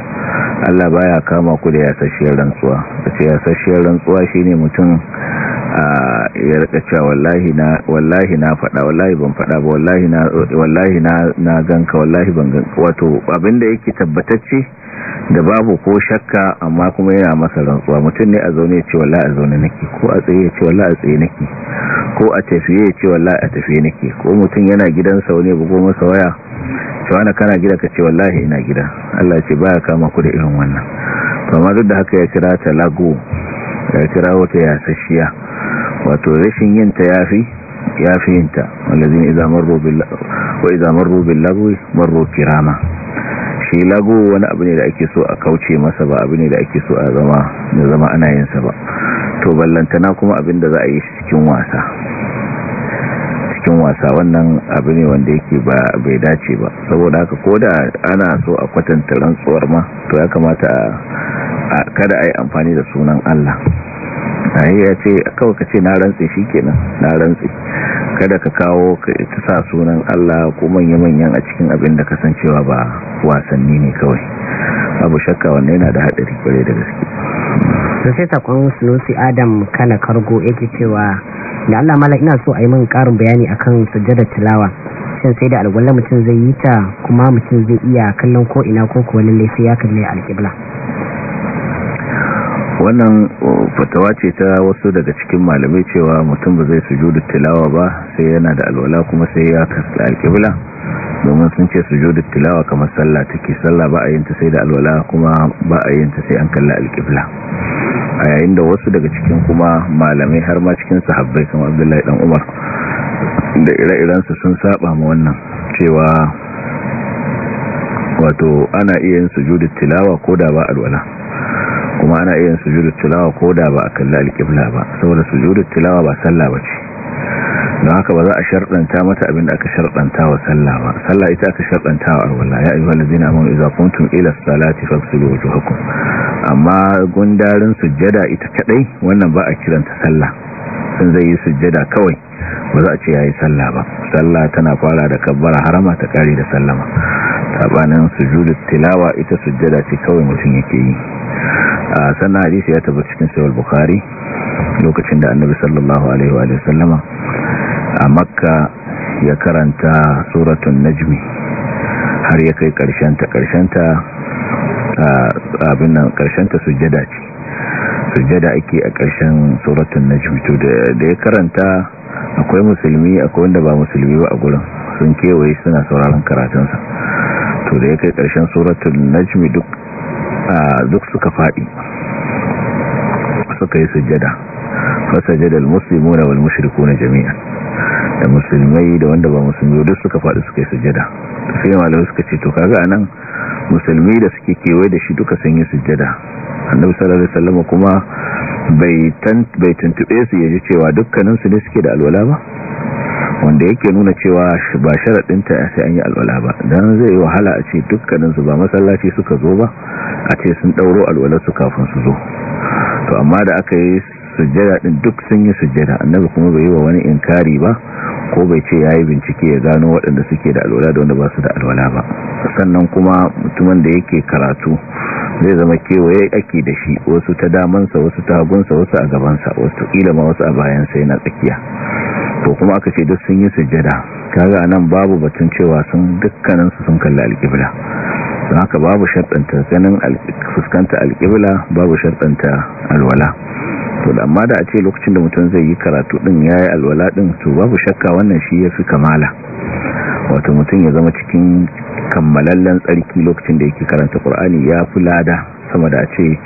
Allah baya kama ku da yasashiyar rantsuwa ce yasashiyar rantsuwa shine mutum ya rika cewa wallahi na fada wallahi ban fada ba wallahi na na ganka wallahi ban ganka wato abinda yake tabbatacce da babu ko shakka amma kuma yana masa rantsuwa mutum ne a zaune ce wala a zaune nake ko a tsaye ce wala a tsaye nake ko a tafiye ce wala a tafiye nake ko mutum yana gidansa ne bugo masa waya cewa na kana gida ka ce wallahi ina gida Allah ce baya kama ku da irin wannan amma duk da haka ya kira ta lagu ya kira wata yasashiya wato rashin yin ta yafi yafi yin ta wallazina idza marru bil wa idza marru bil lagwi marru kirama shi lagowa wani abu ne da ake so a kauce masa ba abu ne da ake so a zama da zama ana yin sa ba to ballantana kuma abin da za a yi cikin wasa cikin wasa wannan abu ne wanda yake ba bai dace ba saboda haka ko da ana so a kwatanta rantsuwar ma to ya kamata a kada a yi amfani da sunan Allah ayi ya ce kawai ka ce na rantsi kenan na rantsi kada ka kawo ka sa sunan Allah ko manya-manyan a cikin abin da kasancewa ba wasanni ne kawai abu shakka wanda yana da haɗari kware da gaske to sai sakon nosi adam kana kargo yake cewa da Allah mala ina so a yi min ƙarin bayani akan sujjada tilawa shin sai da alwala mutum zai yi ta kuma mutum zai iya kallon ko ina ko kuwa lallai sai ya kalli alƙibla wannan fatawa ce ta wasu daga cikin malamai cewa mutum ba zai sujudu tilawa ba sai yana da alwala kuma sai ya kasta alkibla domin sun ce sujudu tilawa kamar sallah take sallah ba a yin ta sai da alwala kuma ba a yin ta sai an kalla alkibla a yayin da wasu daga cikin kuma malamai har ma cikin sahabbai kamar Abdullahi dan Umar da ire-irensu sun saba ma wannan cewa wato ana iya yin sujudu tilawa ko da ba alwala kuma ana iya sujudu tilawa ko da ba a kalli alƙibla ba saboda sujudu tilawa ba sallah ba ce don haka ba za a sharɗanta mata abin da aka sharɗanta wa sallah ba sallah ita aka sharɗanta wa alwala ya ayyuhal ladina amanu idza kuntum ila salati faghsilu wujuhakum amma gundarin sujjada ita kadai wannan ba a kiranta sallah sun zai yi sujjada kawai ba za a ce yayi sallah ba sallah tana fara da kabbara harama ta kare da sallama sabanin sujudut tilawa ita sujjada ce kawai mutum yake yi sannan hadisi ya tabbata cikin sahih bukhari lokacin da annabi sallallahu alaihi wa sallama a makka ya karanta suratul najmi har ya kai karshen ta karshen ta abin nan karshen ta sujjada ce sujjada ake a karshen suratul najmi to da ya karanta akwai musulmi akwai wanda ba musulmi ba a gurin sun kewaye suna sauraron karatunsa to da ya kai karshen suratul najmi duk duk suka faɗi suka yi sujjada fasajjada na wal na jami'an da musulmai da wanda ba musulmi duk suka faɗi suka yi sujjada sai malamai suka ce to kaga anan musulmi da suke kewaye da shi duka sun yi sujjada annabi sallallahu alaihi wasallam kuma bai tantube su yaji cewa dukkaninsu ne suke da alwala ba wanda yake nuna cewa ba sharaɗinta sai an yi alwala ba don zai yi wahala a ce dukkaninsu ba masallaci suka zo ba a ce sun ɗauro alwalarsu kafin su zo to amma da aka yi sujjada din duk sun yi sujjada annabi kuma bai yi wa wani inkari ba ko bai ce yayi bincike ya gano waɗanda suke da alwala da wanda ba su da alwala ba sannan kuma mutumin da yake karatu zai zama kewaye ake da shi wasu ta damansa wasu ta hagunsa wasu a gabansa wasu kila ma wasu a bayan sai yana tsakiya to kuma aka ce duk sun yi sujjada kaga anan babu batun cewa sun dukkaninsu sun kalli alƙibla don haka babu sharɗanta ganin fuskanta alƙibla babu sharɗanta alwala to da amma da a ce lokacin da mutum zai yi karatu din ya yi alwala din to babu shakka wannan shi ya fi kamala wato mutum ya zama cikin kammalallen tsarki lokacin da yake karanta Qur'ani ya fi lada sama da a ce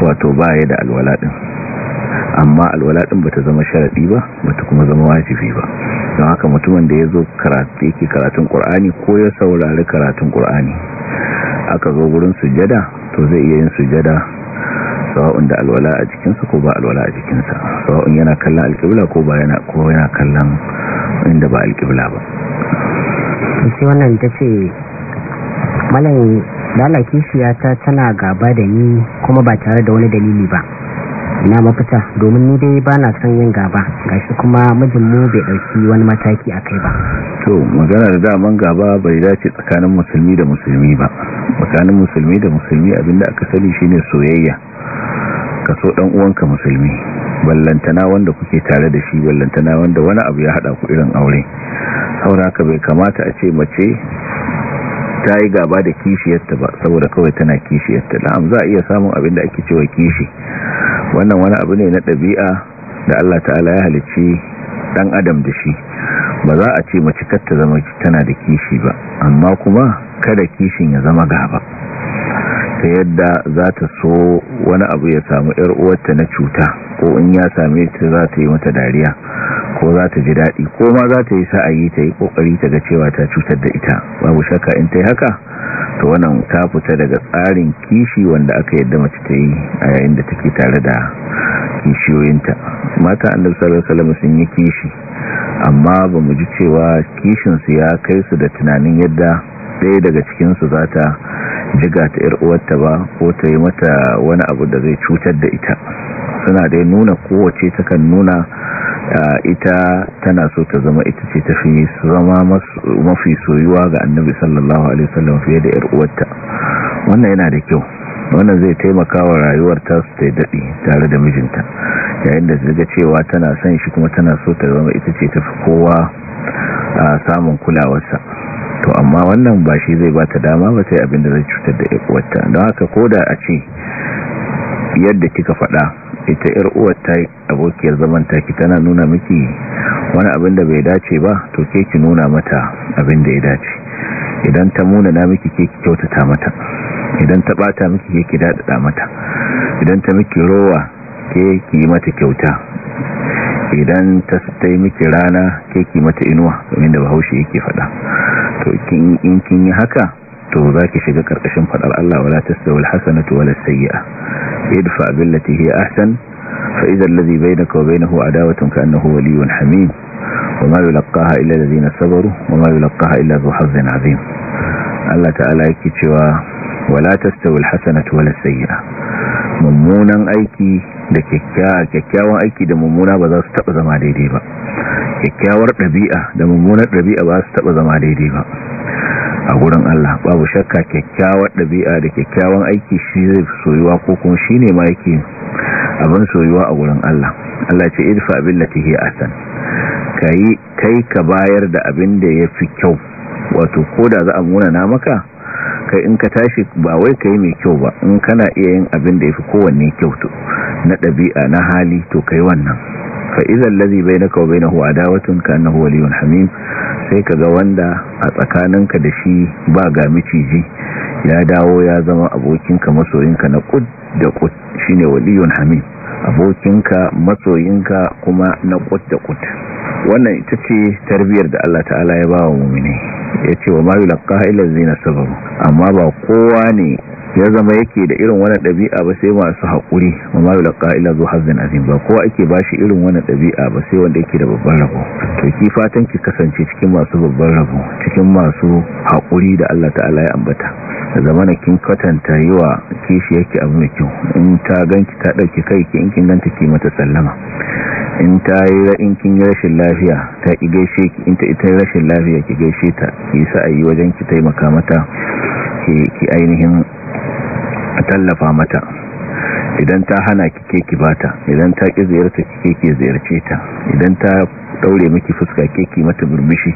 wato baya da alwala din amma alwala din bata zama sharaɗi ba bata kuma zama wajibi ba don haka mutumin da zo karatu yake karatun ƙur'ani ko ya saurari karatun ƙur'ani aka zo wurin sujada to zai iya yin sujada sawa'un da alwala a jikinsa ko ba alwala a jikinsa sawa'un yana kallon alƙibla ko ba yana ko yana kallon inda ba alƙibla ba sai wannan ta ce malam dalaki shiyata tana gaba da ni kuma ba tare da wani dalili ba ina mafita domin ni dai ba na son yin gaba ga shi kuma mijin mu bai ɗauki wani mataki a kai ba to magana da daman gaba bai dace tsakanin musulmi da musulmi ba tsakanin musulmi da musulmi abinda aka sani shine soyayya ka so dan uwanka musulmi ballantana wanda kuke tare da shi ballantana wanda wani abu ya hada ku irin aure saboda haka bai kamata a ce mace ta yi gaba da kishiyarta ba saboda kawai tana kishiyarta la'am za a iya samun abin da ake cewa kishi wannan wani abu ne na ɗabi'a da Allah ta'ala ya halicci dan adam da shi ba za a ce mace kar ta zama tana da kishi ba amma kuma kada kishin ya zama gaba ta yadda za ta so wani abu ya samu ‘yar uwarta na cuta ko in ya same ta za ta yi mata dariya ko za ta ji daɗi ko ma za ta yi sa'ayi ta yi ƙoƙari ta ga cewa ta cutar da ita babu shakka in ta yi haka to wannan ta fita daga tsarin kishi wanda aka yadda mace ta yi a yayin da take tare da kishiyoyinta mata annabi sallallahu alaihi wasallam sun yi kishi amma ba mu ji cewa kishinsu ya kai su da tunanin yadda ɗaya daga cikinsu za ta jiga ta uwarta ba ko ta yi mata wani abu da zai cutar da ita suna dai nuna kowace ta kan nuna ita tana so ta zama ita ce ta fi zama mafi soyuwa ga annabi sallallahu alaihi wasallam fiye da uwarta wannan yana da kyau wannan zai taimaka wa rayuwar tasu ta daɗi tare da mijinta yayin da zai cewa tana son shi kuma tana so ta zama ita ce ta fi kowa a samun kulawarsa to amma wannan ba shi zai ba ta dama ba sai abinda zai cutar da ikuwata don haka ko da a ce yadda kika fada ita ‘yar uwarta abokiyar zaman ki tana nuna miki wani abin da bai dace ba to ke ki nuna mata abin da ya dace idan ta muna na miki ke ki kyautata mata idan ta bata miki ke ki daɗaɗa mata idan ta miki rowa ke ki yi mata kyauta idan ta tai miki rana ke mata inuwa domin da bahaushe yake fada to in kin yi haka to zaki ki shiga karkashin fadar Allah wala tasawul hasanatu wala sayyi'a idfa billati hi ahsan fa idza alladhi bainaka wa bainahu adawatun ka annahu waliyyun hamim wa ma yulqaha illa alladhina sabaru wa ma yulqaha illa dhu hazzin azim Allah ta'ala yake cewa wala tastawil hasanatu wala sayyi'a mummunan aiki da kyakkyawan aiki da mummuna ba za su taba zama daidai ba kyakkyawar ɗabi'a da mummunar ɗabi'a ba su taba zama daidai ba a gurin Allah babu shakka kyakkyawar ɗabi'a da kyakkyawan aiki shi zai soyuwa ko kuma shi ne ma yake abin soyuwa a gurin Allah Allah ce idfa billati hi ahsan kai kai ka bayar da abin da ya fi kyau wato ko da za a muna na maka kai in ka tashi ba wai kai mai kyau ba in kana iya yin abin da yafi kowanne kyau to na ɗabi'a na hali to kai wannan fa idan ladhi bainaka wa bainahu adawatun ka annahu waliyun hamim sai kaga wanda a tsakaninka da shi ba ga miciji ya dawo ya zama abokinka masoyinka na kud da kud shine waliyyun hamim abokinka masoyinka kuma na kud da kud wannan ita ce tarbiyyar da Allah ta'ala ya ba wa mummini ya ce wa ma laƙa ilar zina sabon amma ba kowa ne ya zama yake da irin wani ɗabi'a ba sai masu haƙuri amma yi laƙa ila zuwa hazin azim ba kowa ake ba shi irin wani ɗabi'a ba sai wanda yake da babban rabo to ki fatan ki kasance cikin masu babban rabo cikin masu haƙuri da Allah ta'ala ya ambata da zama na kin kwatanta yi wa kishi yake abu mai kyau in ta ganki ta ɗauki kai ki in kin ganta ki mata sallama in ta yi in kin yi rashin lafiya ta ki gaishe ki in ta ita rashin lafiya ki gaishe ta ki sa ayi wajen ki taimaka mata ki ainihin a tallafa mata idan ta hana kike ki bata idan ta ki ziyarta kike ki ziyarce ta idan ta daure miki fuska kike mata burmishi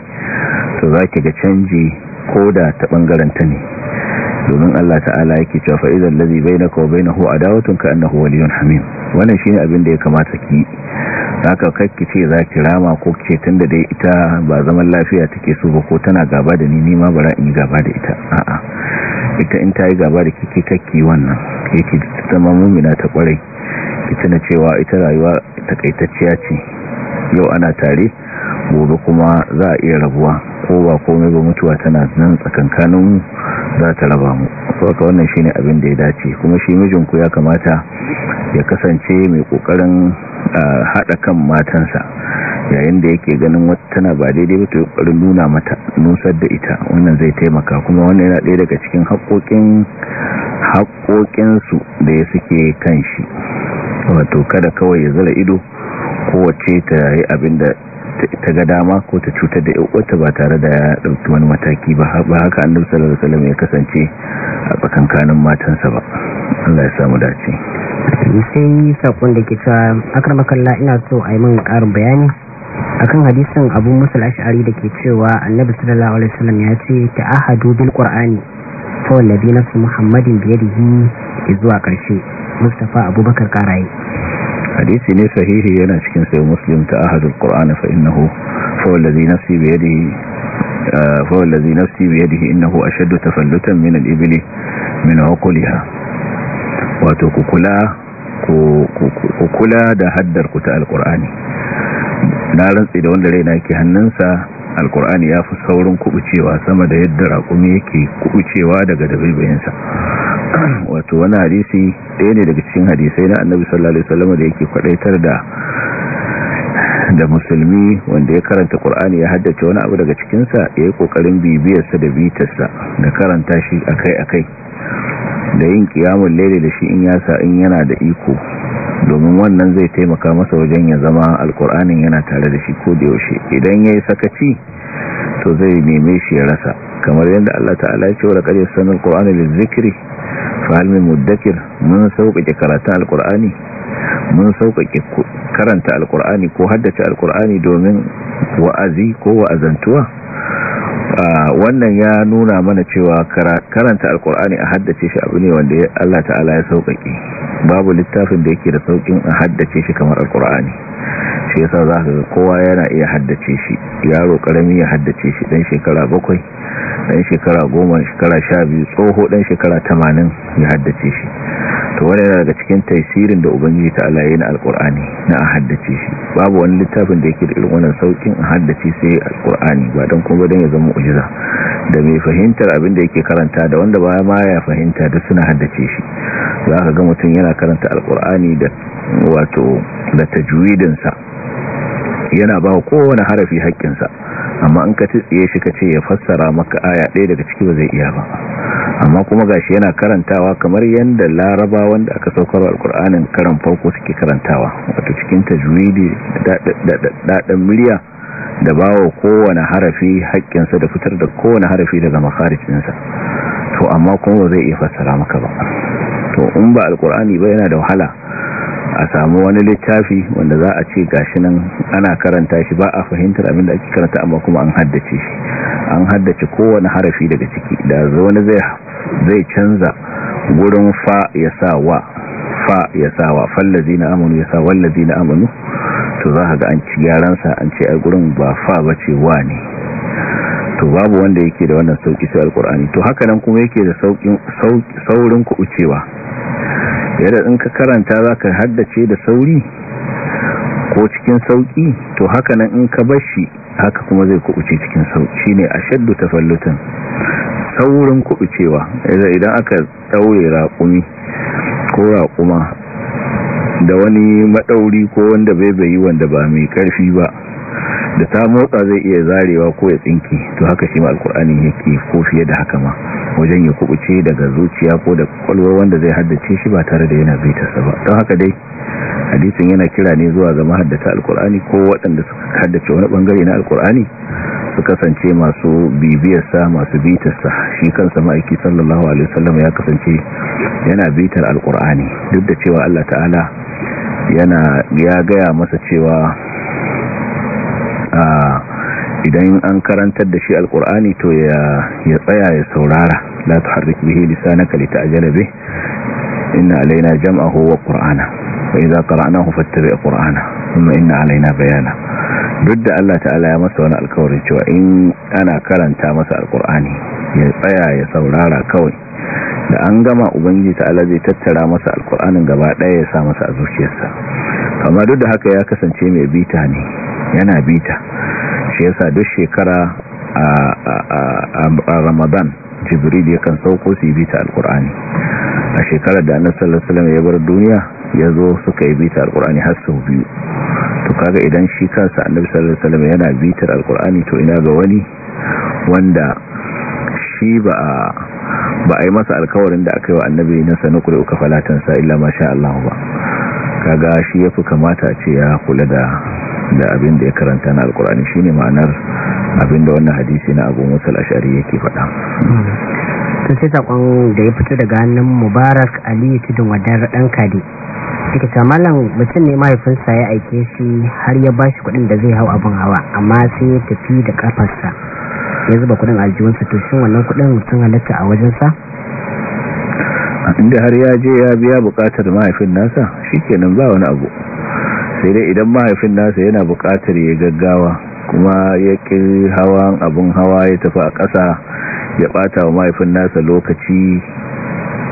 to zaki ga canji koda ta bangaren ta ne domin Allah ta'ala yake cewa fa idan ladhi bainaka wa bainahu adawatun ka annahu waliyun hamim wannan shine abin da ya kamata ki haka kai ce za ki rama ko kice tunda dai ita ba zaman lafiya take so ba ko tana gaba da ni nima bara in gaba da ita a'a ita in ta yi gaba da kike kakki wannan yake zama mumina ta kwarai ki na cewa ita rayuwa takaitacciya ce yau ana tare gobe kuma za a iya rabuwa ko ba komai ba mutuwa tana nan tsakankanin za ta raba mu saboda wannan shine abin da ya dace kuma shi mijinku ya kamata ya kasance mai kokarin hada kan matansa yayin da yake ganin wata tana ba daidai ba to kokarin nuna mata nusar da ita wannan zai taimaka kuma wannan yana ɗaya daga cikin haƙoƙin haƙoƙin su da ya suke kan shi wato kada kawai ya zara ido kowace ta yi abin da ta ga dama ko ta cutar da uwarta ba tare da ya dauki wani mataki ba haka annabi sallallahu alaihi wasallam ya kasance a tsakankanin matansa ba Allah ya samu dace sai sakon da ke cewa akramakalla ina so a yi min karin bayani akan hadisin abu musul ash'ari da ke cewa annabi sallallahu alaihi wasallam ya ce ahadu bil qur'ani fa wallazi nafsu muhammadin biyadihi zuwa karshe mustafa abubakar karaye hadisi ne sahihi yana cikin sai muslim ta ahadul qur'ani fa innahu fa nafsi bi yadihi uh, fa nafsi bi yadihi innahu ashaddu tafallutan min al-ibli min uquliha wato ku kula da haddar ku ta alqur'ani na rantsi da wanda raina ke hannunsa alkur'ani ya fi saurin kubucewa sama da yadda rakumi yake kubucewa daga dabibayinsa wato wani hadisi ɗaya ne daga cikin hadisai na annabi sallallahu alaihi wasallam da yake kwadaitar da da musulmi wanda ya karanta kur'ani ya haddace wani abu daga cikinsa ya yi ƙoƙarin bibiyarsa da bitarsa da karanta shi akai-akai da yin kiyamun laili da shi in ya sa in yana da iko domin wannan zai taimaka masa wajen ya zama alkur'anin yana tare da shi ko da yaushe idan ya yi sakaci to zai neme shi ya rasa kamar yadda Allah ta'ala ya ce wa laqad yassana alqur'ana lizikri fa hal min mudakkir mun sauƙaƙe karatun alkur'ani mun sauƙaƙe karanta alkur'ani ko haddace alkur'ani domin wa'azi ko wa'azantuwa wannan ya nuna mana cewa karanta alkur'ani a haddace shi abu ne wanda Allah ta'ala ya sauƙaƙe babu littafin da yake da sauƙin a haddace shi kamar alkur'ani shi yasa za ka kowa yana iya haddace shi yaro ƙarami ya haddace shi ɗan shekara bakwai ɗan shekara goma shekara sha biyu tsoho ɗan shekara tamanin ya haddace shi to wani yana daga cikin taisirin da ubangiji ta ala alkur'ani na a haddace shi babu wani littafin da yake da irin saukin a haddace sai alkur'ani ba don kuma don ya zama ujiza da mai fahimtar abin da yake karanta da wanda ba ma ya fahimta da suna haddace shi za ka ga mutum yana karanta alkur'ani da wato da tajwidinsa yana ba kowane harafi haƙƙinsa amma in ka tsitsiye shi ka ce ya fassara maka aya ɗaya daga ciki ba zai iya ba amma kuma gashi yana karantawa kamar yadda laraba wanda aka saukar alkur'anin karan farko suke karantawa wato cikin tajwidi daɗin miliya da bawa kowane harafi haƙƙinsa da fitar da kowane harafi daga makarijinsa to amma kuma zai iya fassara maka ba to in ba alkur'ani ba yana da wahala a samu wani littafi wanda za a ce gashi nan ana karanta shi ba a fahimtar abin da ake karanta amma kuma an haddace shi an haddace kowane harafi daga ciki da wani zai canza gurin fa ya sa wa fa ya sa wa fallazi ya sa wallazi na to za ga an ci sa an ce ai gurin ba fa ba ce wa ne to babu wanda yake da wannan sauki sai alkur'ani to haka nan kuma yake da saurin ku ucewa da in ka karanta za ka haddace da sauri ko cikin sauki to haka nan in ka bashi haka kuma zai kubuce cikin sauki shaddu ta tafallutan saurin kubucewa idan aka daure raƙumi ko raƙuma da wani maɗauri ko wanda bai bayi wanda ba mai ƙarfi ba da ta motsa zai iya zarewa ko ya tsinki to haka shi ma alkur'ani yake ko fiye da haka ma wajen ya kubuce daga zuciya ko da kwalwar wanda zai haddace shi ba tare da yana bitarsa ba don haka dai hadisin yana kira ne zuwa ga mahaddata alkur'ani ko waɗanda suka haddace wani bangare na alkur'ani su kasance masu bibiyarsa masu bitarsa shi kansa ma'aiki sallallahu alaihi wasallam ya kasance yana bitar alkur'ani duk da cewa Allah ta'ala yana ya gaya masa cewa a ah, idan an karantar da shi alkur'ani to ya tsaya ya saurara la tuharrik bihi lisanaka a bih inna alaina jam'ahu wa qur'ana fa idza qara'nahu fattabi' qur'ana Amma inna alaina bayana duk da Allah ta'ala ya masa wani alkawari cewa in ana karanta masa alkur'ani ya tsaya ya saurara kawai da an gama ubangiji ta'ala zai tattara masa alkur'anin gaba ɗaya ya sa masa a zuciyarsa amma duk da haka ya kasance mai bita ne yana bita shi yasa duk shekara a ramadan jibril ya kan sauko su yi bita alkur'ani a shekarar da annabi sallallahu alaihi wasallam ya bar duniya ya zo suka yi bita alkur'ani har sau biyu to kaga idan shi kansa annabi sallallahu alaihi wasallam yana bitar alkur'ani to ina ga wani wanda shi ba ba a yi masa alkawarin da aka yi wa annabi na sanukuri uka falatan sa illa masha Allah ba kaga shi yafi kamata ce ya kula da da abin da ya karanta na alkur'ani shine ma'anar abin da wannan hadisi na Abu Musa al-Ash'ari yake faɗa to sai sakon da ya fito daga hannun Mubarak Ali Tudun Wadar dan Kade take ta mutum ne mahaifinsa ya aike shi har ya bashi kuɗin da zai hau abin hawa amma sai ya tafi da kafarsa ya zuba kuɗin aljihunsa to shin wannan kuɗin sun halatta a wajensa inda har ya je ya biya bukatar mahaifin nasa shi nan ba wani abu sai dai idan mahaifin nasa yana bukatar ya gaggawa kuma ya ƙi hawan abin hawa ya tafi a ƙasa ya ɓata wa mahaifin nasa lokaci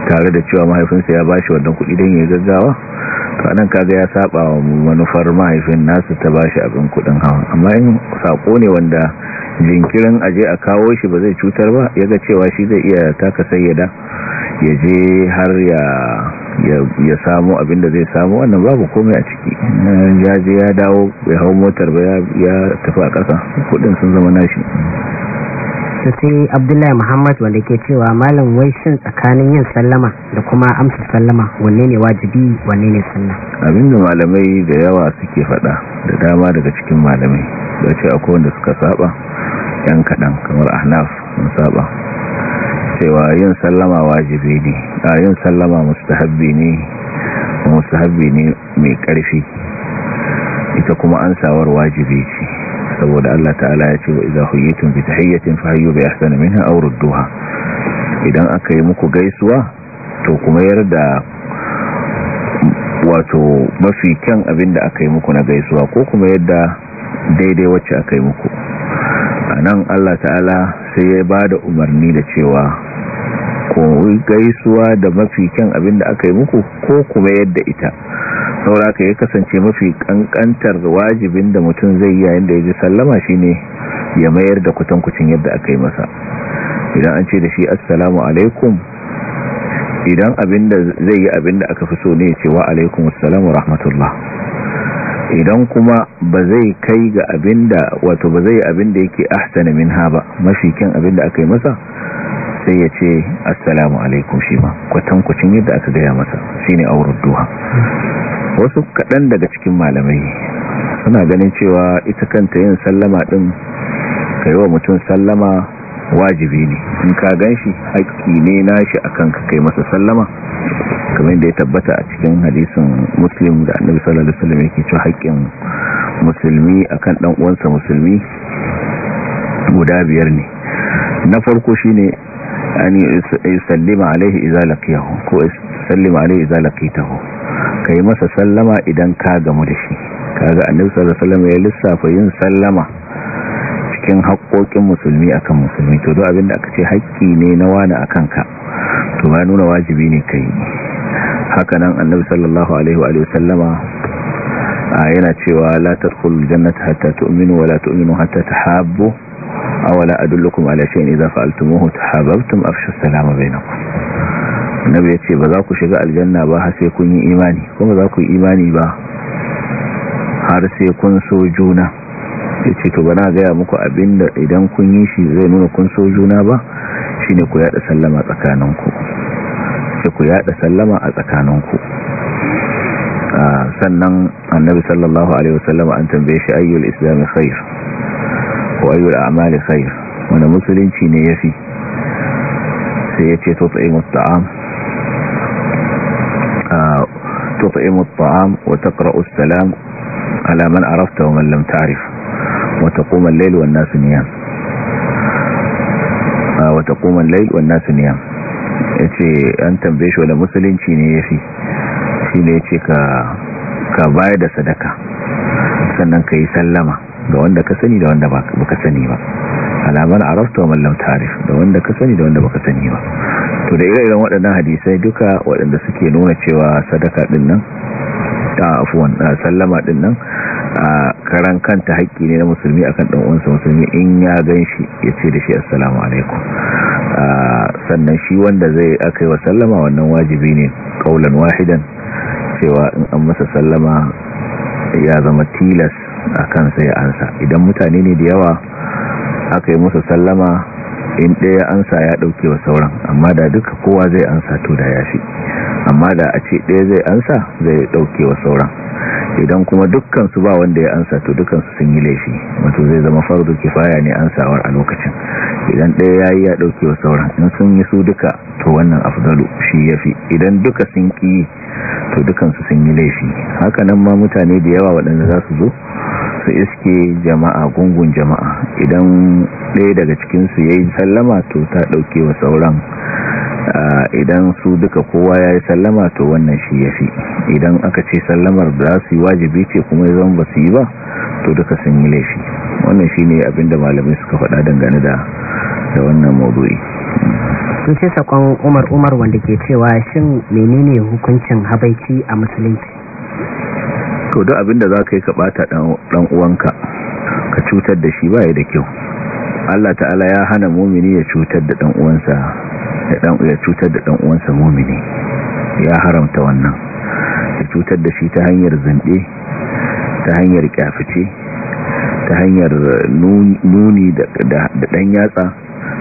tare da cewa mahaifinsa ya ba shi wannan kuɗi don ya gaggawa ka kaga ya saba wa manufar mahaifin nasu ta bashi abin kudin hawa amma in sako ne wanda jinkirin aje a kawo shi ba zai cutar ba ya ga cewa shi zai iya taka sayyada ya je har ya samu abin da zai samu wannan babu komai a ciki ya je ya dawo ya hau motar ba ya tafi a ƙasa kudin sun zama nashi to sai abdullahi muhammad wanda ke cewa malam wai shin tsakanin yin sallama da kuma amsa sallama wanne ne wajibi wanne ne sunna da malamai da yawa suke faɗa da dama daga cikin malamai da ce akwai wanda suka saba yan kaɗan kamar ahnaf sun saba cewa yin sallama wajibi ne a yin sallama mustahabbi ne mustahabbi ne mai ƙarfi ita kuma ansawar wajibi ce saboda Allah ta'ala ya ce wa idza huyitum bi fa hayyu bi ahsani minha aw rudduha idan aka yi muku gaisuwa to kuma yarda wato mafi kyan abin da aka yi muku na gaisuwa ko kuma yadda daidai wacce aka yi muku anan Allah ta'ala sai ya ba da umarni da cewa ku gaisuwa da mafi kyan abin da aka yi muku ko kuma yadda ita saura ya kasance mafi kankantar wajibin da mutum zai yayin da ya ji sallama shine ya mayar da kutankucin yadda aka yi masa idan an ce da shi assalamu alaikum idan abinda zai yi abinda aka fi so ne cewa alaikum assalamu rahmatullah idan kuma ba zai kai ga abinda wato ba zai abinda yake ahsana ha ba mafi kyan abinda aka yi masa sai ya ce assalamu alaikum shi ma kwatankwacin yadda aka gaya masa shi shine auren duha wasu kaɗan daga cikin malamai suna ganin cewa ita kanta yin sallama ɗin ka yi wa mutum sallama wajibi ne in ka gan shi haƙƙi ne na shi a kan kai masa sallama kamar da ya tabbata a cikin hadisin muslim da annabi sallallahu alaihi wasallam yake cewa haƙƙin musulmi akan ɗan uwansa musulmi guda biyar ne na farko shine yani yusallima alaihi idza ko sallima alaihi kai masa sallama idan ka gamu da shi ga annabi sallallahu alaihi wasallam ya lissafa yin sallama cikin haƙoƙin musulmi akan musulmi to duk abinda aka ce haƙƙi ne na wani akan ka to ba nuna wajibi ne kai haka nan annabi sallallahu alaihi wa sallama yana cewa la tadkhulul jannata hatta tu'minu wa la tu'minu hatta tahabbu awala adullukum ala shay'in idza fa'altumuhu tahabbtum afshu salama bainakum annabi yace ba za ku shiga aljanna ba har sai kun yi imani kuma za ku yi imani ba har sai kun so juna yace to bana gaya ya muku abinda idan kun yi shi zai nuna kun so juna ba shine ku yada sallama tsakaninku sai ku yada sallama tsakaninku sannan annabi sallallahu alaihi wasallam an tambaye shi ayyul islam khair وأي الأعمال خير وأنا مسلم كين يفي سيتي تطعم الطعام آه، تطعم الطعام وتقرأ السلام على من عرفت ومن لم تعرف وتقوم الليل والناس نيام آه، وتقوم الليل والناس نيام يتي أنت بيش ولا مسلم كين يفي كين يتي كبايد صدقة سنن كي سلمه ga wanda ka sani da wanda baka sani ba alamar arafta wa mallam tarif da wanda ka sani da wanda baka sani ba to da irin waɗannan hadisai duka waɗanda suke nuna cewa sadaka ɗin nan ta afuwan sallama ɗin nan a karan kanta haƙƙi ne na musulmi akan ɗan uwansa musulmi in ya gan shi ya ce da shi assalamu alaikum sannan shi wanda zai aka yi wa sallama wannan wajibi ne Ƙaulan wahidan cewa in an masa sallama ya zama tilas a sai ya ansa idan mutane ne da yawa aka yi musu sallama in ɗaya ansa ya ɗauke wa sauran amma da duka kowa zai ansa to da ya amma da a ce ɗaya zai ansa zai ɗauke wa sauran idan kuma dukkan su ba wanda ya ansa to dukkan su sun yi laifi wato zai zama fardu kifaya ne ansawar a lokacin idan ɗaya yayi ya dauke wa sauran in sun yi su duka to wannan afdalu shi yafi idan duka sun ki to dukkan su sun yi laifi haka nan ma mutane da yawa waɗanda za su zo su iske jama'a gungun jama'a idan ɗaya daga cikin su yayi sallama to ta dauke wa sauran idan su duka kowa ya yi sallama to wannan shi ya fi idan aka ce sallamar da su yi wajibi ce kuma ya zama ba su yi ba to duka sun yi laifi wannan shi ne abinda malamai suka faɗa dangane da wannan maudu'i sun ce sakon umar umar wanda ke cewa shin menene hukuncin habaici a musulunci to duk abinda za ka yi ka ɓata ɗan uwanka ka cutar da shi ba da kyau Allah ta'ala ya hana mumini ya cutar da ɗan uwansa ya cutar da dan uwansa mumini ya haramta wannan ya cutar da shi ta hanyar zanɗe, ta hanyar kyafice ta hanyar nuni da ɗan yatsa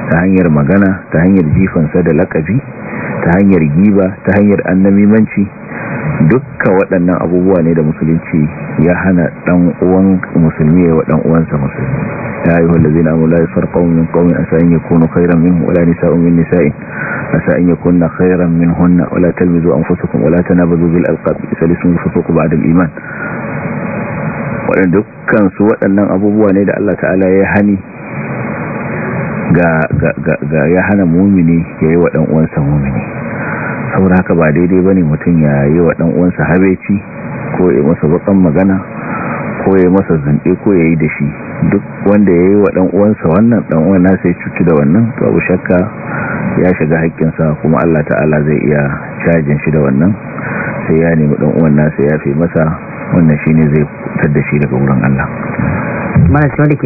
ta hanyar magana ta hanyar jifansa da lakabi ta hanyar giba ta hanyar annamimanci dukka waɗannan abubuwa ne da musulunci ya hana ɗan’uwan musulmi wa ɗan uwansa musulmi يا أيها الذين أموا لا يسخر قوم من قوم عسى أن يكونوا خيرا منه ولا نساء من نساء عسى أن يكون خيرا منهن ولا تلمزوا أنفسكم ولا تنابزوا بالألقاب بئس الفسوق بعد الإيمان وعندك كان سواء أن abubuwa ne da Allah ta'ala ya hani ga ya hana mumini ya yi wa ɗan'uwansa mumini saboda haka ba daidai ba ne mutum ya yi wa ɗan'uwansa habeci ko ya masa baƙon magana ko ya masa zunɗe ko ya yi da shi duk wanda ya yi wa ɗan uwansa wannan ɗanuwan uwan nasa ya cuci da wannan to abu shakka ya shiga haƙƙinsa kuma Allah ta'ala zai iya cajin shi da wannan sai ya nemi ɗan uwan nasa ya fi masa wannan shi ne zai fitar da shi daga wurin Allah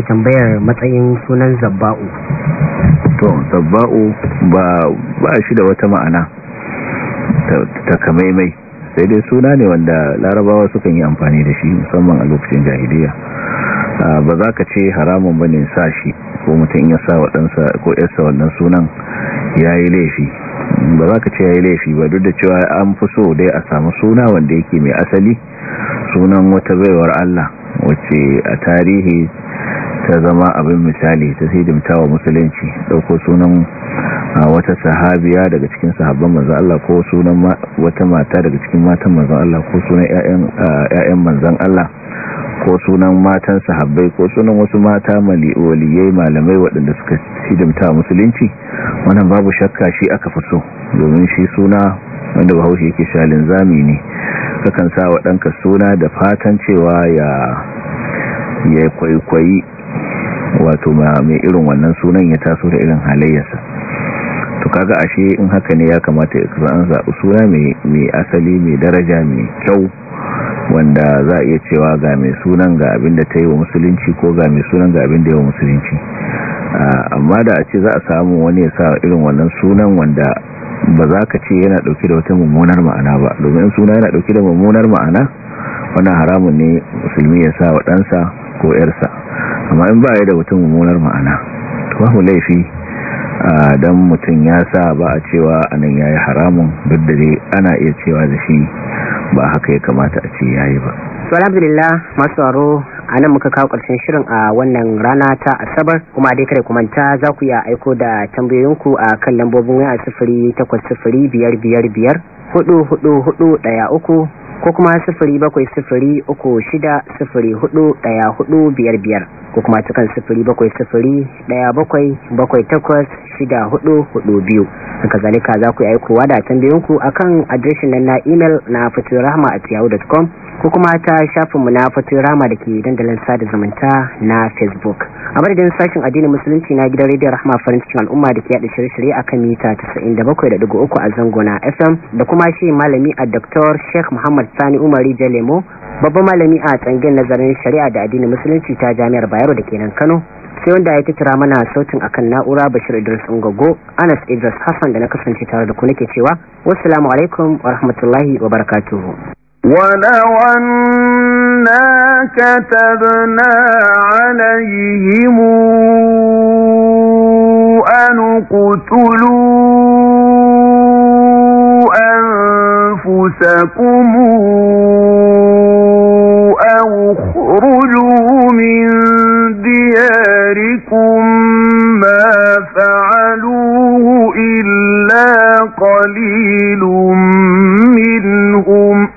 tambayar matsayin sunan to ba shi da wata ma'ana ta sai dai suna ne wanda larabawa sukan yi amfani da shi musamman a lokacin jahiliya ba za ka ce haramun ba ne sa shi ko mutum ya sa waɗansa ko yarsa wannan sunan ya yi laifi ba za ka ce ya yi laifi ba duk da cewa an fi so dai a samu suna wanda yake mai asali sunan wata baiwar Allah wacce a tarihi ta zama abin misali ta dimta wa musulunci ɗauko sunan wata sahabiya daga cikin sahabban manzan Allah ko sunan wata mata daga cikin matan manzan Allah ko sunan 'ya'yan manzan Allah ko sunan matan sahabbai ko sunan wasu mata waliyai malamai waɗanda suka hidimta musulunci wannan babu shakka shi aka fi domin shi suna wanda bahaushe yake shalin zami ne kakan sa wa ɗanka suna da fatan cewa ya ya kwaikwayi wato mai irin wannan sunan ya taso da irin halayyarsa to kaga ashe in haka ne ya kamata ya an zaɓi suna mai asali mai daraja mai kyau wanda za a iya cewa ga mai sunan ga abin da ta yi wa musulunci ko ga mai sunan ga abin da ya wa musulunci amma da a ce za a samu wani ya sa irin wannan sunan wanda ba za ka ce yana ɗauke da wata mummunar ma'ana ba domin suna yana ɗauke da mummunar ma'ana wannan haramun ne musulmi ya sa wa ɗansa ko ‘yarsa amma in ba ya da wata mummunar ma'ana mu laifi don mutum ya sa ba a cewa anan yayi haramun duk da dai ana iya cewa da shi ba haka ya kamata a ce ya yi ba alhamdulillah masu waro a nan muka kawo ƙarshen shirin a wannan rana ta asabar kuma dai kada kumanta za ku iya aiko da tambayoyinku a kan lambobin waya sifiri takwas sifiri biyar hudu hudu hudu daya uku ko kuma sifiri bakwai sifiri uku shida sifiri hudu daya hudu biyar biyar ko kuma cikin sifiri bakwai sifiri ɗaya bakwai bakwai takwas shida hudu hudu biyu haka zalika za ku yi aikowa da tambayinku kan adireshin nan na imel na fatirama a yahoo.com ko kuma ta shafinmu na fatirama da ke dandalin sada zamanta na facebook a madadin sashen addinin musulunci na gidan rediyon rahama farin cikin al'umma da ke yada shirye-shirye a kan mita 97.3 a zangona fm da kuma shi malami a dr sheikh muhammad sani umari jalemo babban malami a tsangin nazarin shari'a da addinin musulunci ta jami'ar bayero da kenan kano sai wanda ya ta kira mana sautin akan na'ura bashir idris ungogo anas idris hassan da na kasance tare da ku nake cewa wassalamu alaikum wa rahmatullahi wa barakatuhu أن قتلوا أنفسكم أو اخرجوا من دياركم ما فعلوه إلا قليل منهم